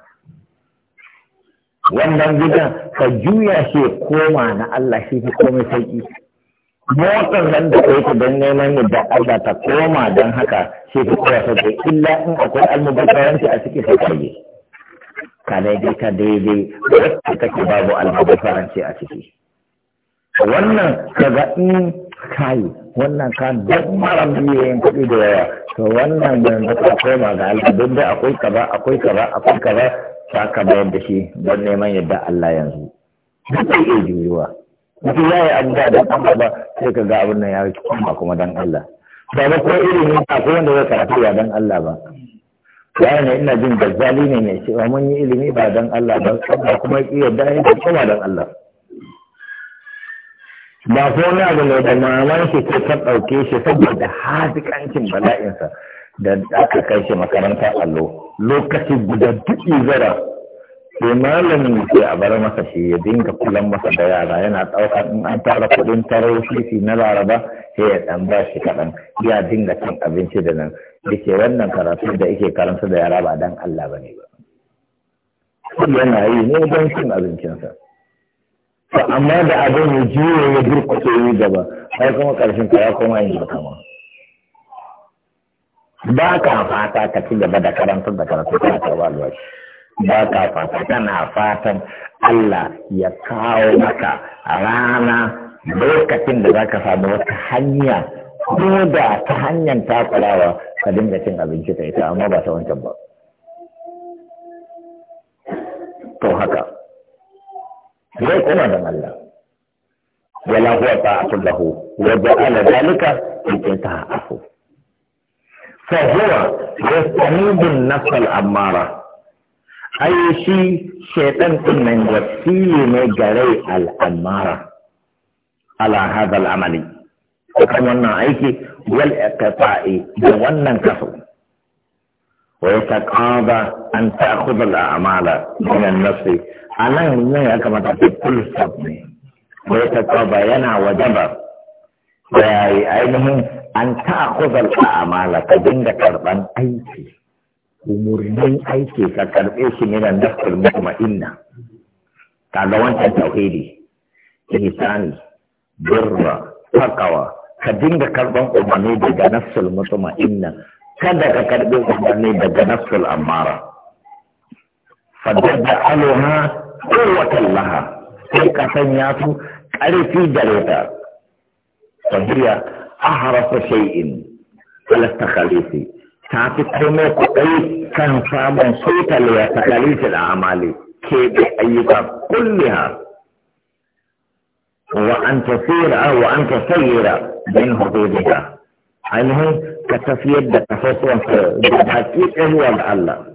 [SPEAKER 1] wannan gidan ka juya shi koma na Allah shi fi komai sauki motsin nan da kai ta don neman yadda Allah ta koma don haka shi fi kowa sauki illa in akwai almubazzaranci a ciki ta karye ka daidai ka daidai wacce kake babu almubazzaranci a ciki wannan kaga in kayi wannan ka duk mara miliyan kuɗi da yawa to wannan yanzu ka koma ga Allah duk da akwai kaza akwai kaza akwai kaza ta ka bayar da shi don neman yadda Allah yanzu yi iya juyuwa
[SPEAKER 2] mutum ya yi addu'a don Allah ba
[SPEAKER 1] sai ka ga abin nan ya kuma kuma don Allah ba ba ko irin yin akwai wanda zai karatu ya don Allah ba ya ne ina jin gazzali ne mai cewa mun yi ilimi ba don Allah ba ba kuma iya da yin kuma don Allah ba ko wani abu ne da maman ke ce ta ɗauke shi saboda hazikancin bala'insa da aka kai shi makarantar allo lokacin guda duk zara sai malamin ke a bar masa shi ya dinga kulan masa da yara yana ɗaukar in an tara kuɗin taro shi na laraba sai ya ɗan ba shi kaɗan ya dinga cin abinci da nan yake wannan karatu da yake karanta da yara ba dan Allah ba ne ba yana yi ne don cin abincinsa amma da abin ya juyo ya durkusa yi gaba har kuma ƙarshen ka ya koma yin kama. ba ka fata ka ci gaba da karantar da karatu kana karɓa albashi ba ka fata kana fatan Allah ya kawo maka rana lokacin da za ka samu wata hanya ko da ta hanyar takurawa ka dinga cin abinci ta ita amma ba ta wancan ba to haka zai kuma da Allah wala huwa ta'atul wa ja'ala dhalika fi ta'afu فهو يستعين النفس الأمارة أي شيء شيطان من يبتيني جري الأمارة على هذا العمل وكما وانا عيكي والإقطاع وانا كفو ويتقاضى أن تأخذ الأعمال من النفس أنا من كما تقول كل صدمي ويتقاضى ينع وجبر ويعني an ta kuzar amala ka dinga karɓan aiki umurnin aiki ka karɓe shi ne nan inna ka kaga wancan tauhidi ihsani birra takawa ka dinga karɓan umarni daga mutum inna kada ka karɓe umarni daga nafsul amara fadda aluha quwwatan laha sai ka sanya su ƙarfi da rota. sabiya أحرف شيء على التخليف تعطي كلمة أي كان صعبا صوتا لتخليف الأعمال كيف أيضا كلها وأن تسير أن تسير من حدودها عنه كتفير دكتور بالحقيقة هو الله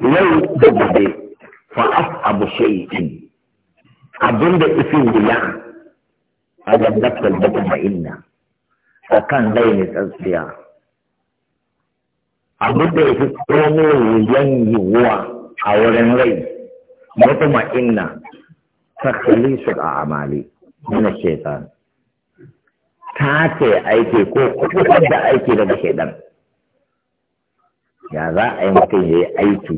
[SPEAKER 1] لو جبت فأصعب شيء أظن في الله على النفس المطمئنة فكان بين الأزياء abin da ya fi komo wuyan yiwuwa a wurin rai mutuma inna ta su a amali na shaitan ta ce aiki ko kuɗin da aiki daga shaitan ya za a yi mutum ya yi aiki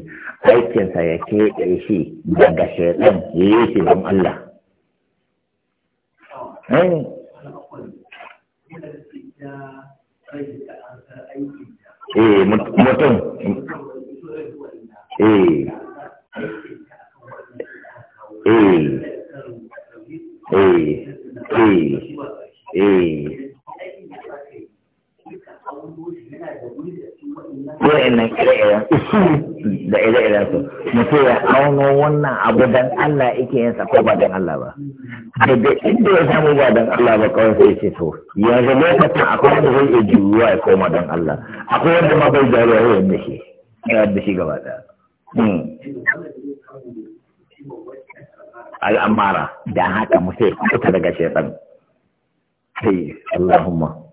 [SPEAKER 1] aikinsa ya keɓe shi daga shaitan ya yi shi don Allah eh eh mutum eh eh eh eh eh
[SPEAKER 2] wa'annan ire-iren
[SPEAKER 1] da ire-iren su mutum ya auno wannan abu dan Allah yake yin ko ba dan Allah ba daga inda ya samu ba dan Allah ba kawai sai ce to yanzu lokacin akwai wanda zai iya juyuwa ya koma dan Allah akwai wanda ma bai da ruwa yadda shi yadda shi gaba da hmm. al'amara da haka mutum ya kuta daga shaitan sai Allahumma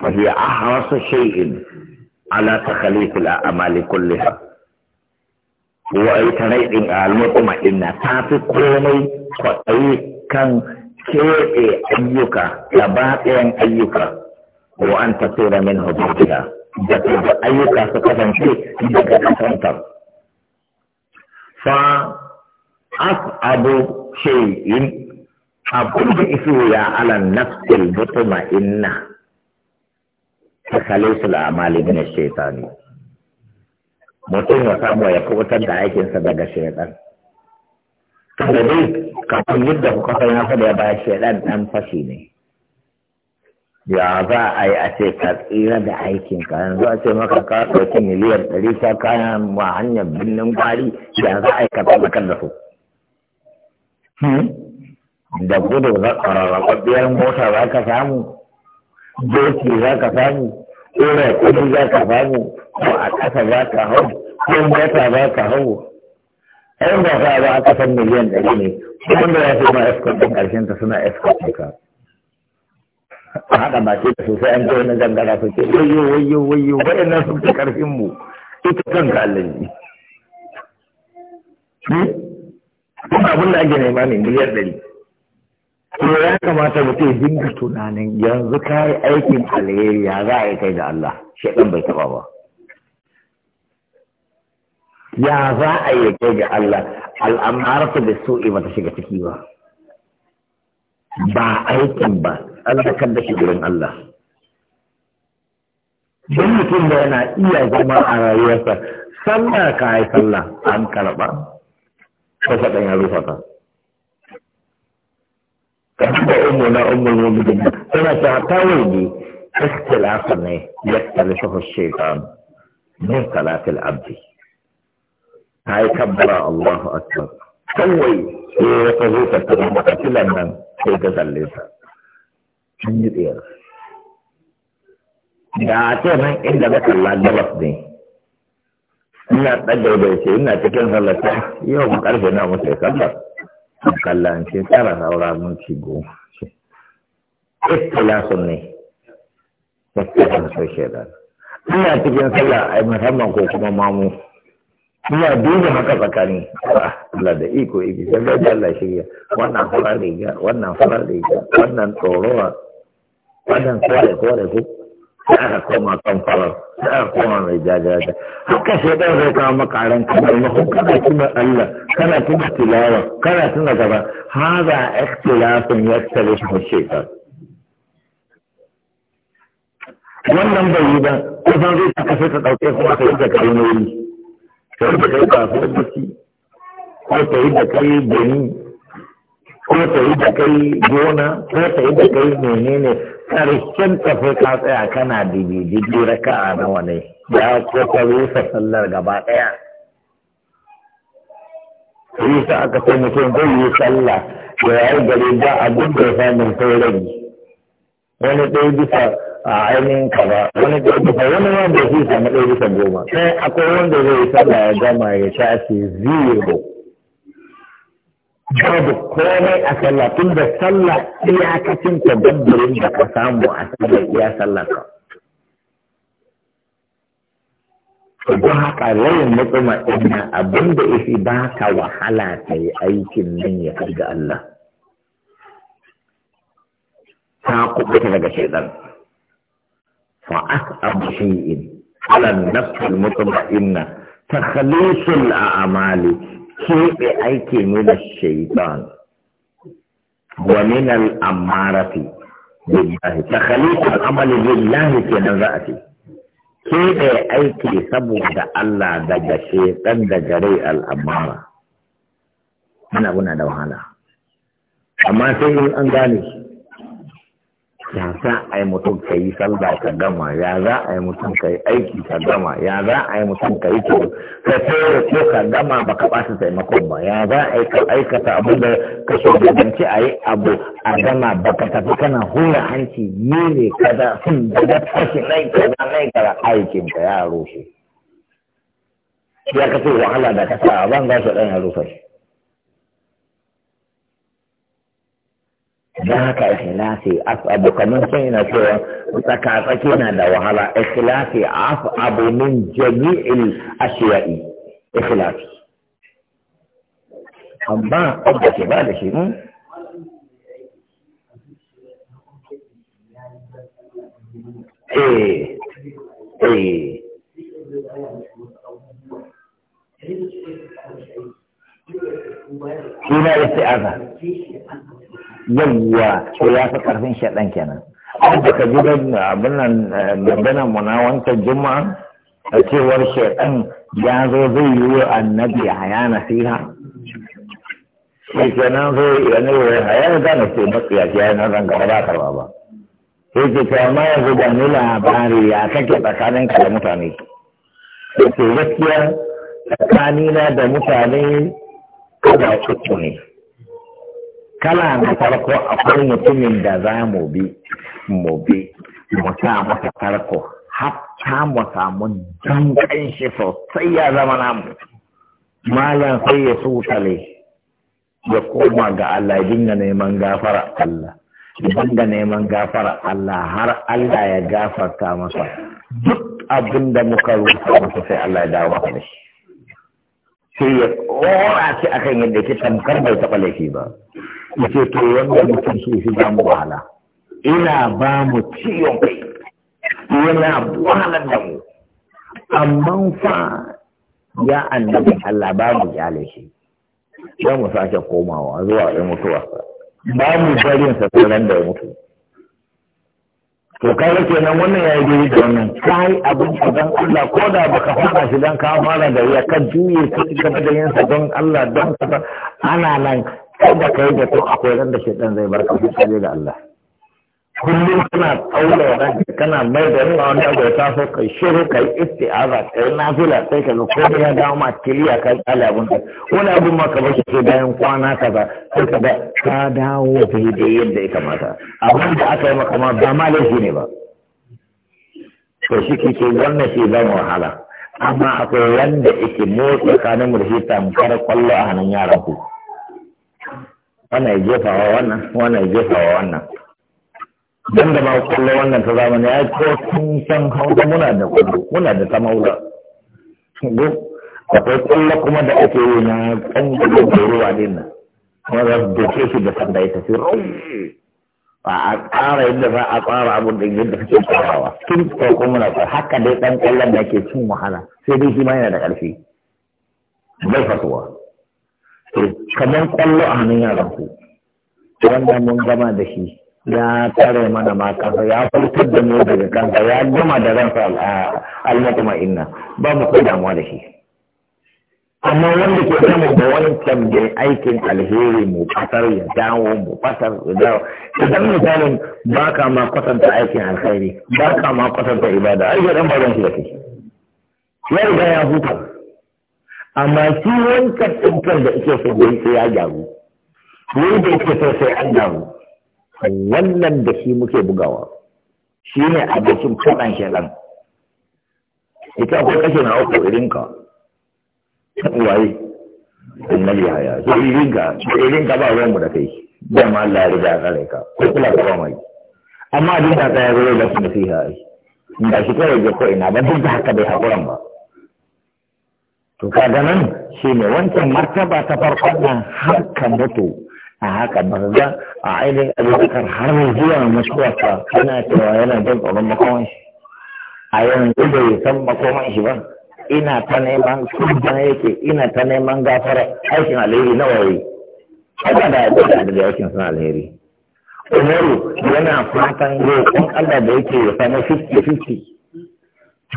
[SPEAKER 1] فهي أحرص شيء على تخليف الأعمال كلها وأي تنيء المطمئنة تعطي قومي وأي كان كيئي أيك تباطئ أيك وأن تصير منه ضدها جتب أيك سكتن شيء جتب فأصعب شيء أبقى إسويا على النفس المطمئنة takalisu amali na shaita ne. mutum ya samu ya kubutar da aikinsa daga shaitan kada dai kafin yadda kuka da ya faɗa ba dan fashi ne ya za a yi a ce ka tsira da aikin ka yanzu a ce maka ka ɗauki miliyan ɗari ta kayan ma hanyar birnin kwari ya za a yi ka tsallakar da su hmm? da gudu za biyar mota za ka samu doki za ka samu ko kudi za ka samu ko a ƙasa za ka hau ko mota za ka hau ai ba za ba a kasan miliyan ɗari ne kuma da ya fi ma escort ɗin ƙarshen ta suna escort ka a haɗa ce da sosai an kai na gangara su ce wayo wayo wayo waɗannan sun fi ƙarfin mu ita kan kalin ne. Hmm? Kuma abin da ake nema ne miliyan ɗari. ko ya kamata mutum ya dinga tunanin yanzu ka yi aikin alheri ya za a yi kai da Allah shaɗan bai taɓa ba ya za a yi kai da Allah al'amarta da so'i ba ta shiga ciki ba ba aikin ba Allah kan da shi gurin Allah don mutum da yana iya zama a rayuwarsa sallah ka yi sallah an karɓa ko shaɗan ya rufa كتب أمنا أم المؤمنين فما تعتوي اختلاف ما يختلفه الشيطان من صلاة العبد هاي كبر الله أكبر سوي يتزوك التغمق كلا من سيتزلسة من يدير da a ce nan inda na kalla gabas ne إلا ɗaga da ce ina cikin halatta kallon tsara saura minti goma ikhtilafun ne ikhtilafun sai shaidan ina cikin sallah ai musamman ko kuma mamu ina duba haka tsakani ah, Allah da iko iko sai da Allah shirya wannan fara riga wannan fara riga wannan tsorowa wannan da kore ko aka koma kan farar aka koma mai jajaja haka sai dan zai kawo maka ran kamar mahun kana tuna Allah kana tuna tilawa kana tuna gaba haza ikhtilafun yattali shi shaitan wannan bai yi ba kusan zai ta kafe ta dauke kuma ka yi da kai nauyi ka yi da kai kasuwar baki ko ta yi da kai gani ko ta yi da kai gona ko ta yi da kai menene karshen tafi ka tsaya kana dibi raka a nawa ne ya ko ka rusa sallar gaba ɗaya rusa aka sai mutum zai yi sallah da ya yi gari ba a da samun sai wani ɗaya bisa a ainihin ba, wani ɗaya bisa wani ma bai fi samu ɗaya bisa goma sai akwai wanda zai yi sallah ya gama ya tashi zero babu komai a sallah tun da sallah iyakacin tadabburin da ka samu a sallah iya sallah ka. Don haka rayin mutsuma ina abin da isi ba ka wahala ta yi aikin nan ya kai ga Allah. Ta kubuta daga shaidan. Fa as abu shi'in. Alan nafsul mutsuma ina. a الأعمال keɓe aiki ne da shaitan wa min al'amarati billahi ta khalifar amali billahi kenan za a ce keɓe aiki saboda Allah daga shaitan daga rai al'amara ana guna da wahala amma sai in an gane shi ya za a yi mutum ka yi sallah ka gama ya za a yi mutum ka yi aiki ka gama ya za a yi mutum ka yi ka ko ka gama ba ka ɓata taimakon ba ya za a yi ka aikata abu da ka shugabanci a yi abu a gama ba ka tafi kana hura hanci ni ne kada sun daga tashi nai kaza nai kaza aikin ka ya rushe ya kace wahala da ka sa a ban za su ɗan ya don haka ikhlasi abu kamar sun yana cewa tsakatsaki na da wahala ikhlasi abu min jami'il ashiya'i ikhlasi amma abu ke ba da shi hmm? eh eh shi na isti'aza yawwa to ya fi karfin shaɗan kenan an da ka gidan abin nan dangana muna wanka juma'a a cewar shaɗan ya zo zai yi wa annabi haya nasiha sai kenan zo yana yi haya ya gane ce matsiya Ya yana zan gaba ba karba ba sai ce ta ma yanzu da ni labari ya kake tsakanin ka da mutane sai gaskiya tsakanina da mutane kada uku ne kala na farko akwai mutumin da za mu bi mu bi mu sa masa farko hatta mu samu dankan shi sosai ya zama namu malam sai ya sutale ya koma ga Allah dinga neman gafara Allah dinga neman gafara Allah har Allah ya gafarta masa duk abinda muka rusa masa sai Allah ya dawo da shi sai ya kora shi akan yadda ke tamkar bai taɓa laifi ba ya ce to wanda mutum su shi ba mu wahala ina ba mu ciwon kai yana wahalar da mu amma fa ya annabi Allah ba mu kyale shi za mu sake komawa zuwa ya mutuwa ba mu barin sa sauran da ya mutu to kaga kenan wannan yayi dai da wannan kai abin ka dan Allah ko da baka fara shi dan ka fara da ya ka juye ka gaba da yin sa don Allah dan ka ana nan kai da kai da to akwai ran da shedan zai barka shi da Allah kullum kana tsaula ranka kana mai da nuna wani abu ya taso kai shiru kai isti'aza kai nafila sai ka ga komai ya dawo ma kiliya kan tsala abun ka wani abun ma ka bashi sai bayan kwana ba sai ka ga ka dawo daidai yadda ya kamata abin da aka yi maka ma ba ma laifi ne ba to shi ke wannan shi zan wahala amma akwai wanda yake motsa kanin murhita mu kare kwallo a hannun yaran ku wannan ya jefawa wannan wannan ya jefawa wannan don da ba kwallo wannan ta zamani ya ko sun san hausa muna da kwallo muna da samaula akwai kwallo kuma da ake yi na ƙangare da ruwa din nan kuma za su doke shi da sanda ya tafi rau ba a ƙara yadda za a ƙara abin da yadda kake ƙarawa tun farko muna ƙwar haka dai ɗan kwallon da ke cin wahala sai dai shi ma yana da ƙarfi bai fasuwa kamar kwallo a hannun yaran ku wanda mun gama da shi ya tare mana maka ya farkar da mu daga kansa ya gama da ransa almatuma inna ba mu kai damuwa da shi amma wanda ke samu da wancan da aikin alheri mu fatar ya dawo mu fatar ya dawo idan misalin ba ka ma kwatanta aikin alheri ba ka ma kwatanta ibada ai ya dan ba zan shi da kai ya riga ya huta amma shi wancan tsintar da ake so sai ya gyaru wanda da ke sai an gyaru wannan da shi muke bugawa shi ne abokin faɗan shelan ita akwai kashe na uku irinka waye annabi haya so irinka irinka ba ruwanmu da kai da ma Allah ya riga kare ka ko kula ka ba mai amma abin da ka yaro da sun fi hai da shi kawai ga ko ina ba duk da haka bai hakuran ba to kaga nan ne wancan martaba ta farko nan har ka mutu a haka ba ga a ainihin abubakar har zuwa mutuwarsa yana cewa yana jin tsoron makawan shi a yanzu bai san makoman shi ba ina ta neman kuma yake ina ta neman gafara aikin alheri na waye haka da ya da aikin suna alheri umaru yana fatan roƙon allah da yake ya samu fiski fiski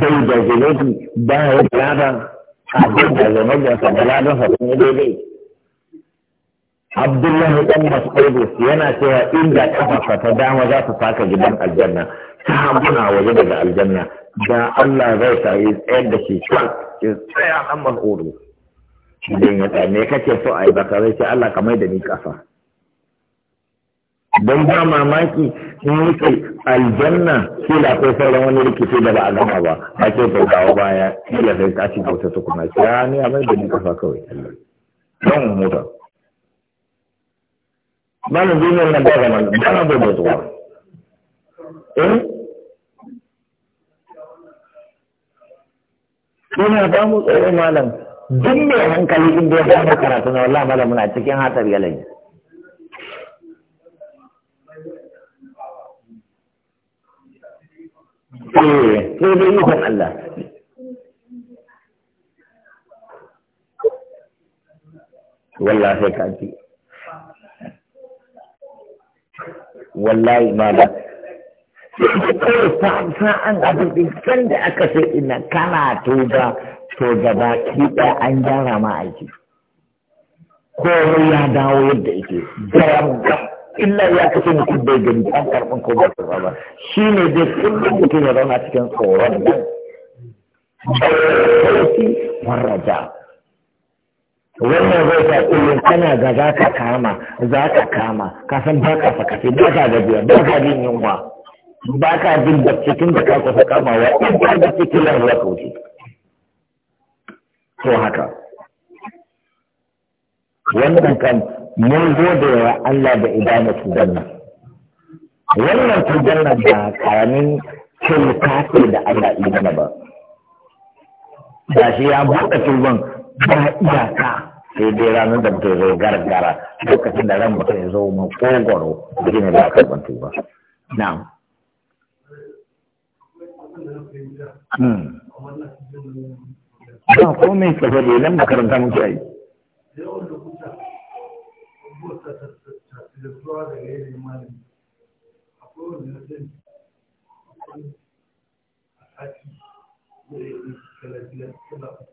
[SPEAKER 1] sai da zunubi ba ya A abin da zunubinsa da ladansa sun yi daidai Abdullahi ɗan Mas'udu yana cewa inda kafarsa ta dama za ta saka gidan aljanna ta hamuna waje daga aljanna da Allah zai sa yi tsayar da shi kan ki tsaya ɗan Mas'udu idan ya tsaya me kake so a yi baka zai ce Allah ka mai da ni ƙafa. don ba mamaki sun ke aljanna kila akwai sauran wani rikici da ba a gama ba ake bauta baya kila sai ta bauta tukuna ya ni a mai da ni ƙafa kawai don mutum Hmm? Oh, malam duniyar nan ba zaman ba na bai bai eh suna ba mu tsoro malam duk mai hankali in bai ba mu karatu na wallahi malam muna cikin hatsari yalayi eh sai dai ikon Allah wallahi sai ka wallahi malam kawai sa'an abin din can da aka sai ina kana tuba to gaba kiɗa an gyara ma aiki komai ya dawo yadda yake garam illa ya kace mutum bai gani an karɓin ko ba ba shi ne zai kullum mutum ya zauna cikin tsoron nan. Sauki warraja wannan zai sa ilimin kana ga za ka kama za ka kama ka san ba ka sakafi ba ka gajiya ba ka jin yunwa ba ka jin da cikin da ka kusa wa in ba da cikin lafiya ka wuce to haka wannan kan mun gode wa Allah da idana tudan nan wannan tudan nan ba karamin cin ce da Allah idana ba da shi ya buɗe tuban ba iyaka sai dai ranar da mutum zo gargara lokacin da ran mutum ya zo makogoro da gina ba ka bantu ba na'am hmm. ba komai ka zo da ilan makaranta muke yi Thank you.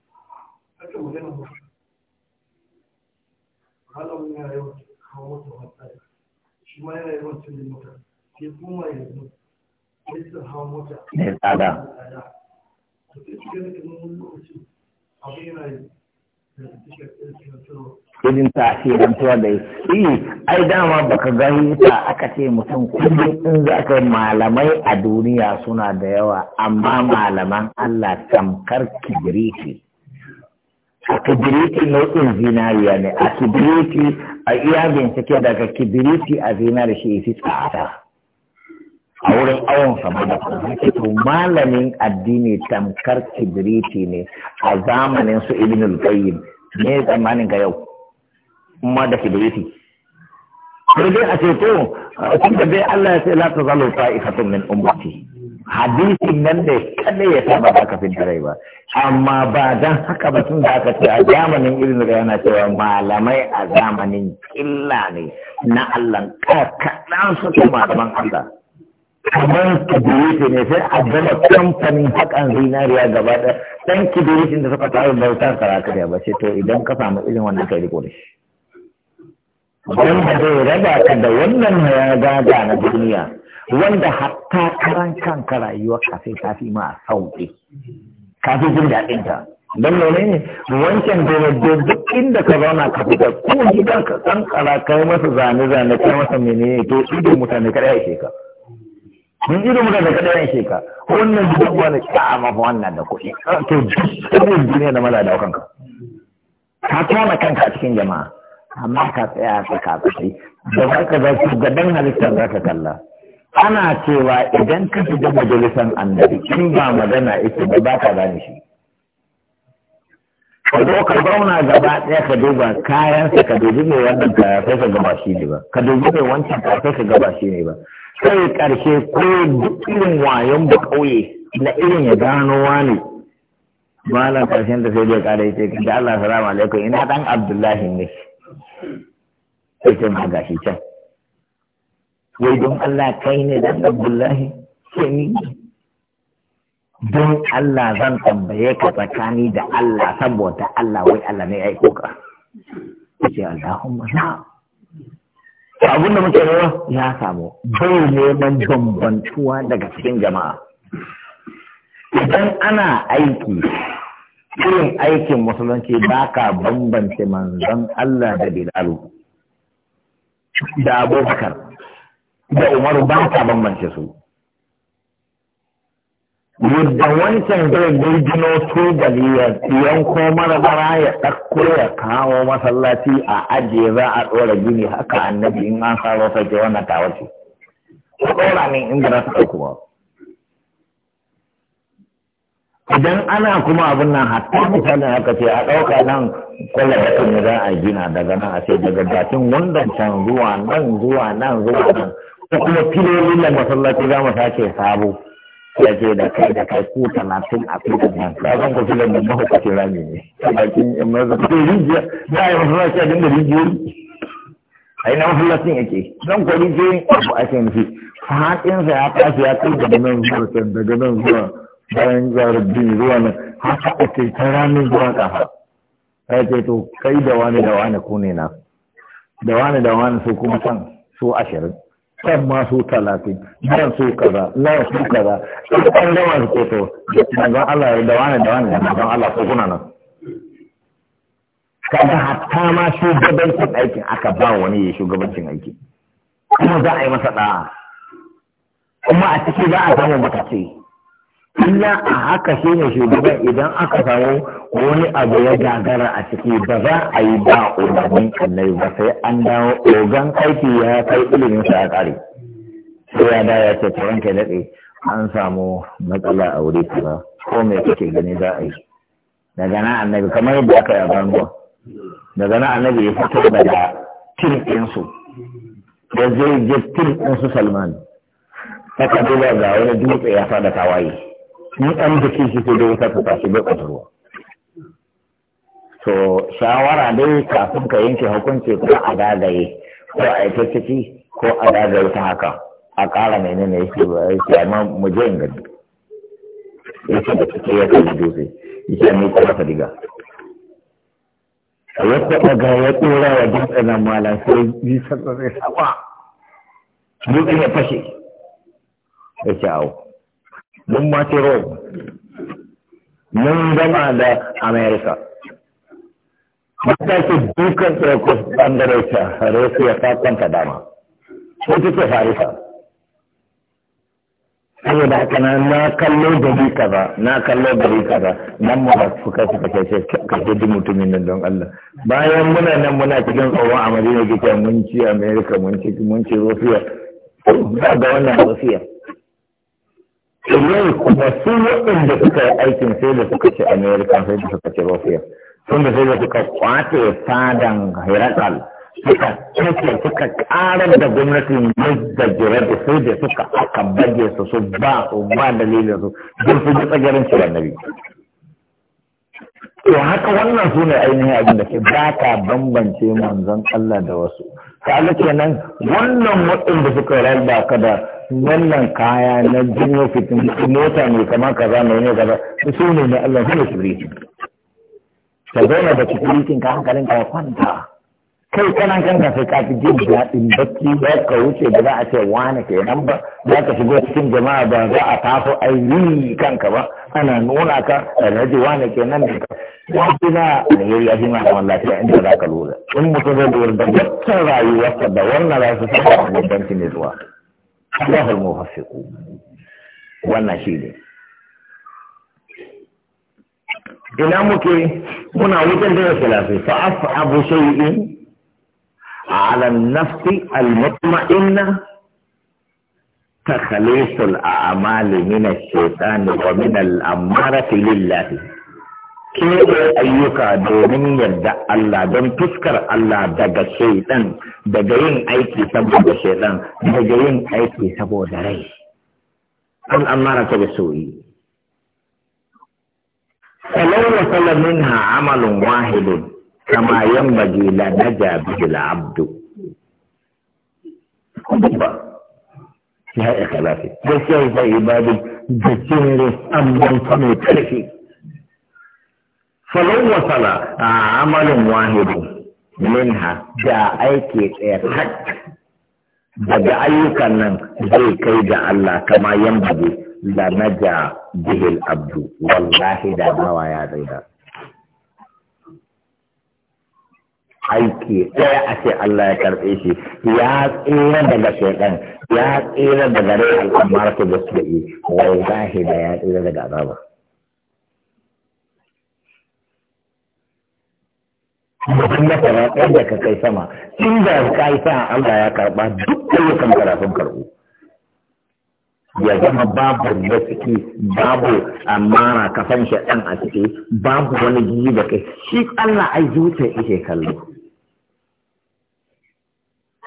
[SPEAKER 1] aka yana yawan yana yawan sai kuma tsada to ta ce don tuwa da yi. ai dama baka gani ta aka ce mutum kullum in za ka malamai a duniya suna da yawa, amma malaman Allah tamkar kibiri ce. a kibiriti nau'in zinariya ne a kibiriti a iya bincike daga kibiriti a zinari shi fi tsada a wurin awon sama da to malamin addini tamkar kibiriti ne a zamanin su ibn al-qayyim ne tsammanin ga yau kuma da kibiriti kuma dai a ce to da bai Allah ya ce la tazalu ta'ifatun min ummati hadisin nan da kada ya taɓa ba ka rai ba amma ba dan haka ba tun da aka ce a zamanin irin da yana cewa malamai a zamanin illa ne na Allah ka kaɗan su malaman Allah kamar kibiriti ne sai a gama kamfanin hakan zinariya gaba ɗaya dan kibiritin da suka taru bauta karatu da ba sai to idan ka samu irin wannan kai riko da shi
[SPEAKER 2] dan ba zai raba ka da
[SPEAKER 1] wannan ya gada na duniya wanda hatta karan kanka rayuwa kafin fi ma a sauƙi kafin jin daɗin ka. don lalai ne wancan dole duk inda ka zauna ka fita ko gidan ka kankara kai masa zane-zane kai masa menene to idon mutane kada ya ka. mun idon mutane kada ya ka. wannan gidan wani ka mafa wannan da kuɗi ah, to duk duniya da maza da kanka ka tona kanka a cikin jama'a amma ka tsaya ka sai da za ka za su gadan halittar za ka kalla ana cewa idan ka shiga majalisan annabi in ba magana ita ba ba ka gane shi ka zo ka zauna gaba ɗaya ka duba kayansa ka dubi mai wannan kaya sai ka gaba shi ne ba ka dubi mai wancan kaya sai ka gaba shi ne ba sai ƙarshe ko duk irin wayon ba ƙauye na irin ya gano wani malam ƙarshen da sai dai ƙara yace da Allah salamu alaikum ina dan Abdullahi ne sai ce ma gashi can wai don Allah kai ne dan Abdullahi ke ni don Allah zan tambaye ka tsakani da Allah saboda Allah wai Allah ne ya yi sai Allahumma na abin da muke rawa ya samu bai neman bambantuwa daga cikin jama'a idan ana aiki irin aikin musulunci ba ka bambance manzon Allah da Bilalu da Abubakar da umaru ba ta bambance su yadda wancan zai gurgino tubali ya mara bara ya ɗakko ya kawo masallaci a ajiye za a ɗora gini haka annabi in an saro sake wannan tawace ku ɗora min inda na ta kuma idan ana kuma abin nan hatta misalin haka ce a ɗauka nan kwallo da kan za a gina daga nan a ce daga dacin wanda can zuwa nan zuwa nan zuwa nan da kuma filolin da masallaci za mu sake sabo ya ce da kai da kai ko talatin a fi nan ka zan ku filan da mahukaci rami ne talatin in maza ko rijiya da yi masallaci a dinga rijiyoyi ai na masallacin yake zan ko rijiyoyin abu ake nufi faɗinsa ya tashi ya kai da nan zuwa can daga nan zuwa bayan jarabin zuwa nan haka ce ta ramin zuwa kafa ya ce to kai da wani da wani ku ne na da wani da wani su kuma can su ashirin kan ma su talatin nan su kaza nan su kaza in an gama su to manzon Allah da wani da wani zan Allah ko kuna nan kada hatta ma shugabancin aikin aka ba wani ya shugabancin aikin kuma za a yi masa da'a kuma a ciki za a samu mataki, illa a haka shi ne shugaban idan aka samu wani abu ya gagara a ciki ba za a yi ba umarnin annabi ba sai an dawo ogan aiki ya kai ilimin sa ya kare sai ya da ya ce turan kai daɗe an samu matsala a wuri kaza ko me kake gani za a yi daga nan annabi kamar yadda aka yi a daga nan annabi ya fito daga tin ɗinsu da zai je tim ɗinsu salman saka duba ga wani dutse ya fada tawaye ni an da shi sai dai wuta ta tashi bai ƙwatarwa to shawara dai kafin ka yanke hukunci kuma a dagaye ko a ita ciki ko a dagaye ta haka a ƙara menene yake ba yake amma mu je in gani yake da ciki ya kalli dutse yake mai kuma ka diga a yadda daga ya tsora wa dutsen nan malam sai yi sassa zai saba dutsen ya fashe ya ce awo mun ma ce mun gama da america ce dukan tsarkos ɓangare ta harisu ya kwanta dama ko ce harisa saboda haka na na kallo gari kaza na kallo gari kaza nan mu ba su kai suka ce ka ji mutumin nan don Allah bayan muna nan muna cikin tsoron a Madina gita mun ci America mun ci Rufiya. Ba ga wannan Rufiya. Idan kuma su waɗanda suka yi aikin sai da suka ce Amerika sai da suka ce Russia. Sun da sai da suka kwace fadan Herakal. Suka kake suka ƙarar da gwamnatin yadda jirar da sai da suka aka baje su su ba su ba dalilin su don su ji tsagarin cewa nabi. To haka wannan su ne ainihin abin da ke ba ka bambance manzon Allah da wasu. Ka kenan wannan waɗanda suka rarraba ka da wannan kaya na jinwa fitin mota mai kama kaza mai ne kaza su ne na Allah su ne kibiriti ka zauna da kibiritin ka hankalin ka kwanta kai kan ka sai kafi jin daɗin bacci za ka wuce da za a ce wani ke nan ba za ka shigo cikin jama'a ba za a taso yi kanka ba ana nuna ka a naji wani ke nan da ka wani na alheri ya fi ma kamar lafiya inda za ka lura in mutum zai lura da wata rayuwarsa da wannan za su sa a bambanci ne zuwa الله الموفق والنشيد إلى مك هنا وجد الثلاثة فأصعب شيء على النفس المطمئنة تخليص الأعمال من الشيطان ومن الأمارة لله keɓe ayyuka domin yadda Allah don fuskar Allah daga shaiɗan, daga yin aiki saboda shaiɗan, daga yin aiki saboda rai an amara ta da soyi falau wa sala minha amalun wahidun kama yanbaghi la naja bihi al-abdu ba ya ikhlasi gaskiya ba ibadu da cin jinrin amman ta mai karfi Falon wasala amalin amalin min minha da aiki tsaye hak daga ayyukan nan zai kai da Allah kama yan da la naja bihil abdu wallahi da bawa ya zaida aiki ɗaya a ce Allah ya karɓe shi ya tsira daga shekan ya tsira daga rai da suke gaske wallahi da ya tsira daga azaba mutum na fara ɗaya ka kai sama da ka yi sa Allah ya karɓa duk ayyukan karafin karɓo ya zama babu da suke babu amara kafan shaɗan a ciki babu wani gigi da kai shi Allah ai zuciya ike kallo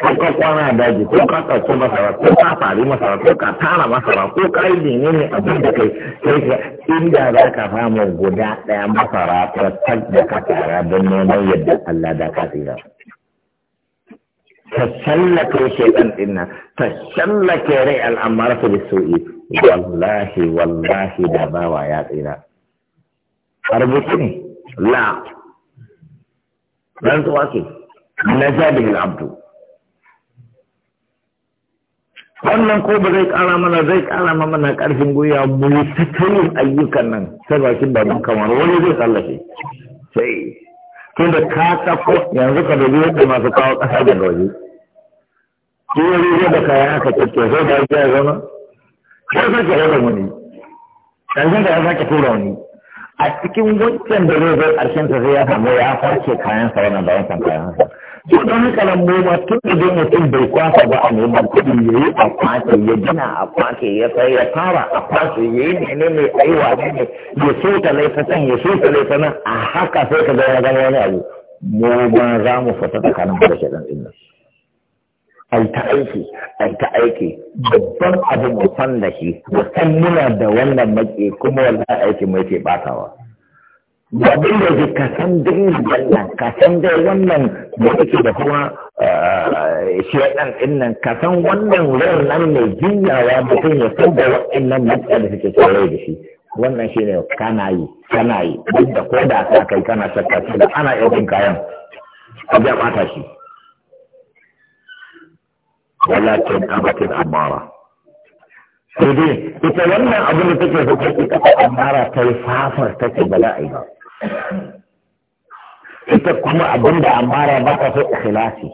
[SPEAKER 1] ko ka kwana daji ko ka ɗauki masara ko ka fari masara ko ka tara masara ko ka yi nene ne abin da kai sai ka inda za ka samu guda ɗaya masara ta tag da ka tara don neman yadda Allah da ka tsira. Ta shallake shaitan ɗin nan, ta shallake rai al'amara su da su'i, wallahi wallahi da bawa ya tsira. A rubutu ne, la, rantsuwa ce, na jabihin abdu. wannan ko ba zai kara mana zai kara mana karfin gwiwa mu yi tattalin ayyukan nan sai bakin baban kamar wani zai tsallake sai tun da ka tsako yanzu ka dubi yadda masu kawo kasa da waje shi wani zai da kayan aka kyakkyar sai da ya zama sai sai ka rasa wani yanzu da ya sake tura wani a cikin wancan da zai zai ƙarshen sa sai ya samu ya farce kayan sa wannan da wancan kayan sa don haka nan mu tun da zai mutum bai kwasa ba a neman kuɗi ya yi a kwasa ya gina a kwasa ya sai ya fara a kwasa ya yi ne mai aiwa ne ne ya so ta laifa can ya so ta laifa nan a haka sai ka ga zama wani abu mu za mu fita tsakanin da shaɗan ɗin nan. ai ta aiki ai ta aiki babban abu mu san da shi mu san muna da wannan maƙi kuma wannan aiki mai ke batawa. da duk da zai ka san duk wannan ka san dai wannan da kake da kuma eh, shi ɗan ɗin nan ka san wannan wurin nan mai jinyawa mutum ya san da waɗannan matsa da suke kewaye da shi wannan shi ne kana yi kana yi duk da ko da ka kai kana shakka shi da ana yau bin kayan a biya ɓata shi walakin amatin amara sai dai ita wannan abin da take hukunci ta amara ta yi fafar take ba za a yi ba ita kuma abin da amara ba ta so ikhlasi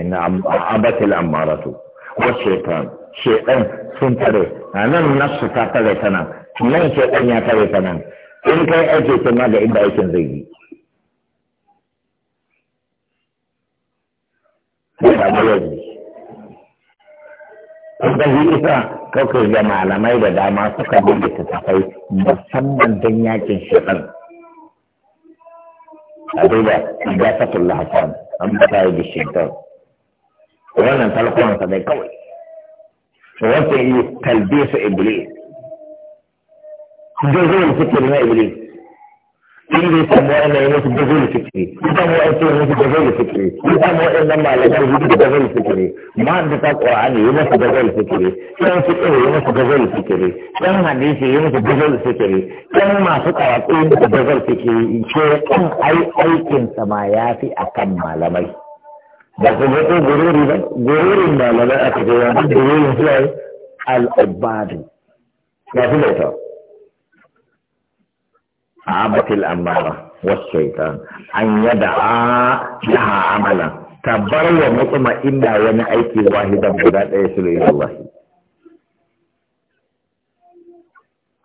[SPEAKER 1] inna abatil amaratu wa shaitan shaitan sun tare anan nan nasu ta tare ta nan nan shaitan ya tare ta nan in kai aje aiki kuma da inda aikin zai yi ya samu yanzu. Kun ga isa kawai ga malamai da dama suka bi littattafai musamman don yakin shekar. a duba gasatul lahafan an bata yi da shaitan wannan sa dai kawai wata yi talbisa iblis zai zai fikir na iblis inda ya samu wa'annan ya musu gazo da fikiri ya samu wa'annan ya musu gazo da fikiri ya samu wa'annan malamai ya musu gazo da fikiri ma da ta qur'ani ya musu gazo da fikiri yan fikiri ya musu gazo da fikiri yan hadisi ya musu gazo da fikiri yan masu karatu ya musu gazo da fikiri ce kan ai aikin sama ya fi akan malamai ba ku ga ko gururi ba gururin malamai aka ga wani gururin su al-ubadu ya fi da abatil amara wasu an yada a laha amala ta bar wa mutuma inda wani aiki wahidan guda ɗaya su da yin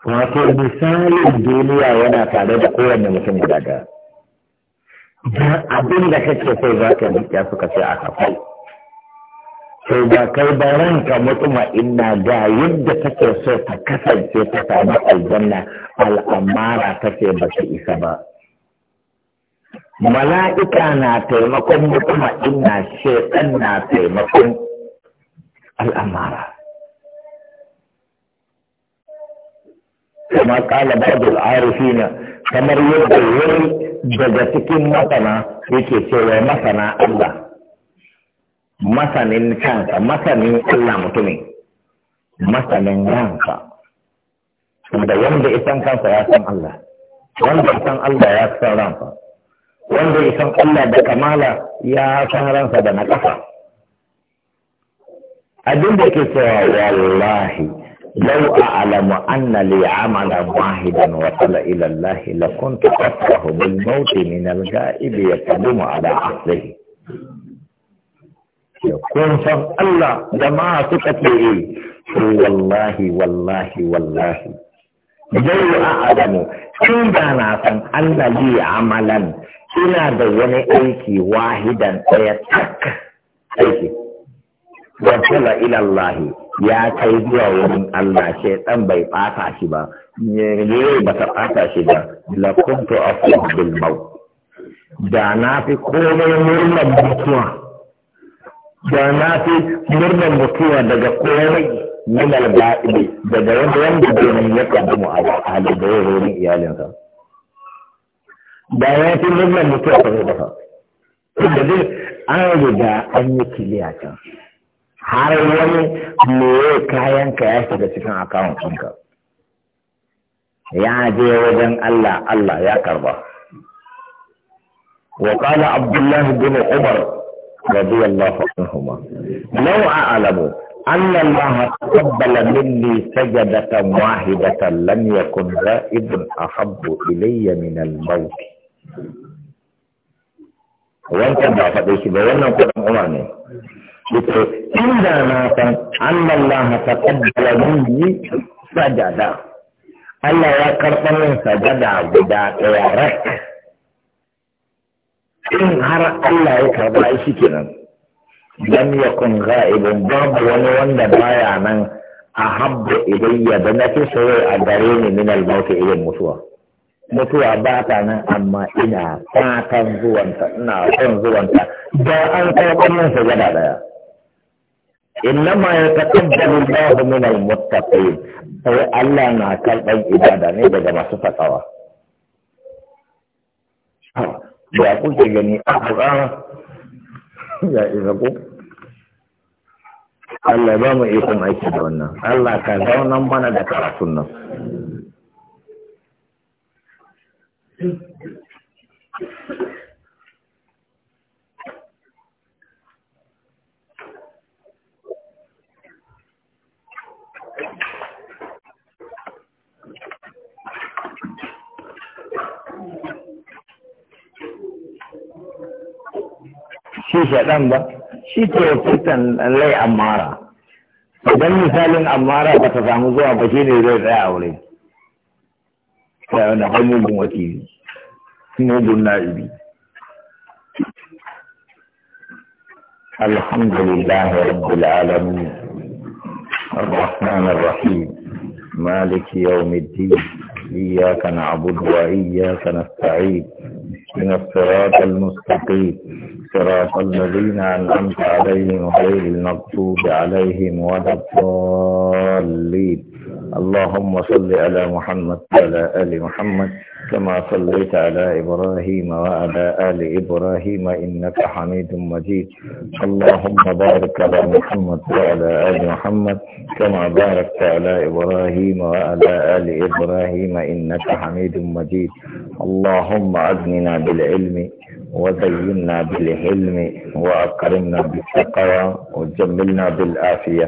[SPEAKER 1] Wato misalin duniya yana tare da kowane mutum guda ɗaya. Abin da kake so za ka yi suka sai a kafai. to ba kai ba ranka mutuma inna ga yadda take so ta kasance ta samu aljanna al'amara take ba ta isa ba mala'ika na taimakon mutuma inna shekan na taimakon al'amara kama kala babul na kamar yadda wani daga cikin masana yake cewa masana Allah masanin kansa masanin Allah mutumin masanin ranka da wanda isan kansa ya san Allah wanda isan Allah ya san ranka wanda isan Allah da kamala ya san ransa da na ƙasa abin da ke cewa wallahi لو أعلم أن لي عملا واحدا وصل إلى الله لكنت أفرح بالموت من الغائب يقدم على عقله kun san Allah da ma suka tere sun eh, wallahi wallahi wallahi zai yi Adamu, in da na san Allah yi amalan ina da wani aiki wahidan ɗaya tak aiki wasala ilallahi ya kai zuwa wurin Allah Dan bai ɓata shi ba ne ba ta ɓata shi ba la kuntu afu bil maut da na fi komai murnar mutuwa da na fi murnar mutuwa daga komai min al-ba'ibi daga wanda wanda domin ya kaddamu a hali da ya zo iyalinsa da ya fi murnar mutuwa ta da fa da dai an riga an yi kiliya can har wani meye kayan ka ya shiga cikin akawun ɗinka ya je wajen Allah Allah ya karba وقال Abdullahi الله بن رضي الله عنهما لو اعلم ان الله تقبل مني سجده واحده لم يكن غائب احب الي من الموت وانت بعفديك بيانا وقدم عمرني إذا ما أن الله تقبل مني سجدا الله يكرمني سجدة بداك يا رك in har Allah ya karba shi kenan ya kun ghaibun babu wani wanda baya nan a ahabbu ilayya da nake soyayya a gare ni min al irin mutuwa mutuwa ba ta nan amma ina fatan zuwanta ina son zuwanta da an karɓar min sajada daya innama ya taqabbalu Allah min al-muttaqin sai Allah na karɓar ibada ne daga masu takawa ya kuke gani a ƙur'ana ya isa ku Allah ba mu ikon aiki da wannan Allah ka zaunan mana da karatun nan
[SPEAKER 2] Thank you.
[SPEAKER 1] شي شيطان بقى شي توفيت اللي أمارة مثال أمارة بتفهموزوها بشين يريد يا أولي فأنا خمو الموكيني خمو الحمد لله رب العالمين الرحمن الرحيم مالك يوم الدين إياك نعبد وإياك نستعين من الصراط المستقيم صراط الذين أنعمت عليهم غير المغضوب عليهم ولا الضالين اللهم صل على محمد وعلى آل محمد كما صليت على إبراهيم وعلى آل إبراهيم إنك حميد مجيد اللهم بارك على محمد وعلى آل محمد كما باركت على إبراهيم وعلى آل إبراهيم إنك حميد مجيد اللهم أدننا بالعلم وزينا بالحلم وأكرمنا بالتقوى وجملنا بالآفية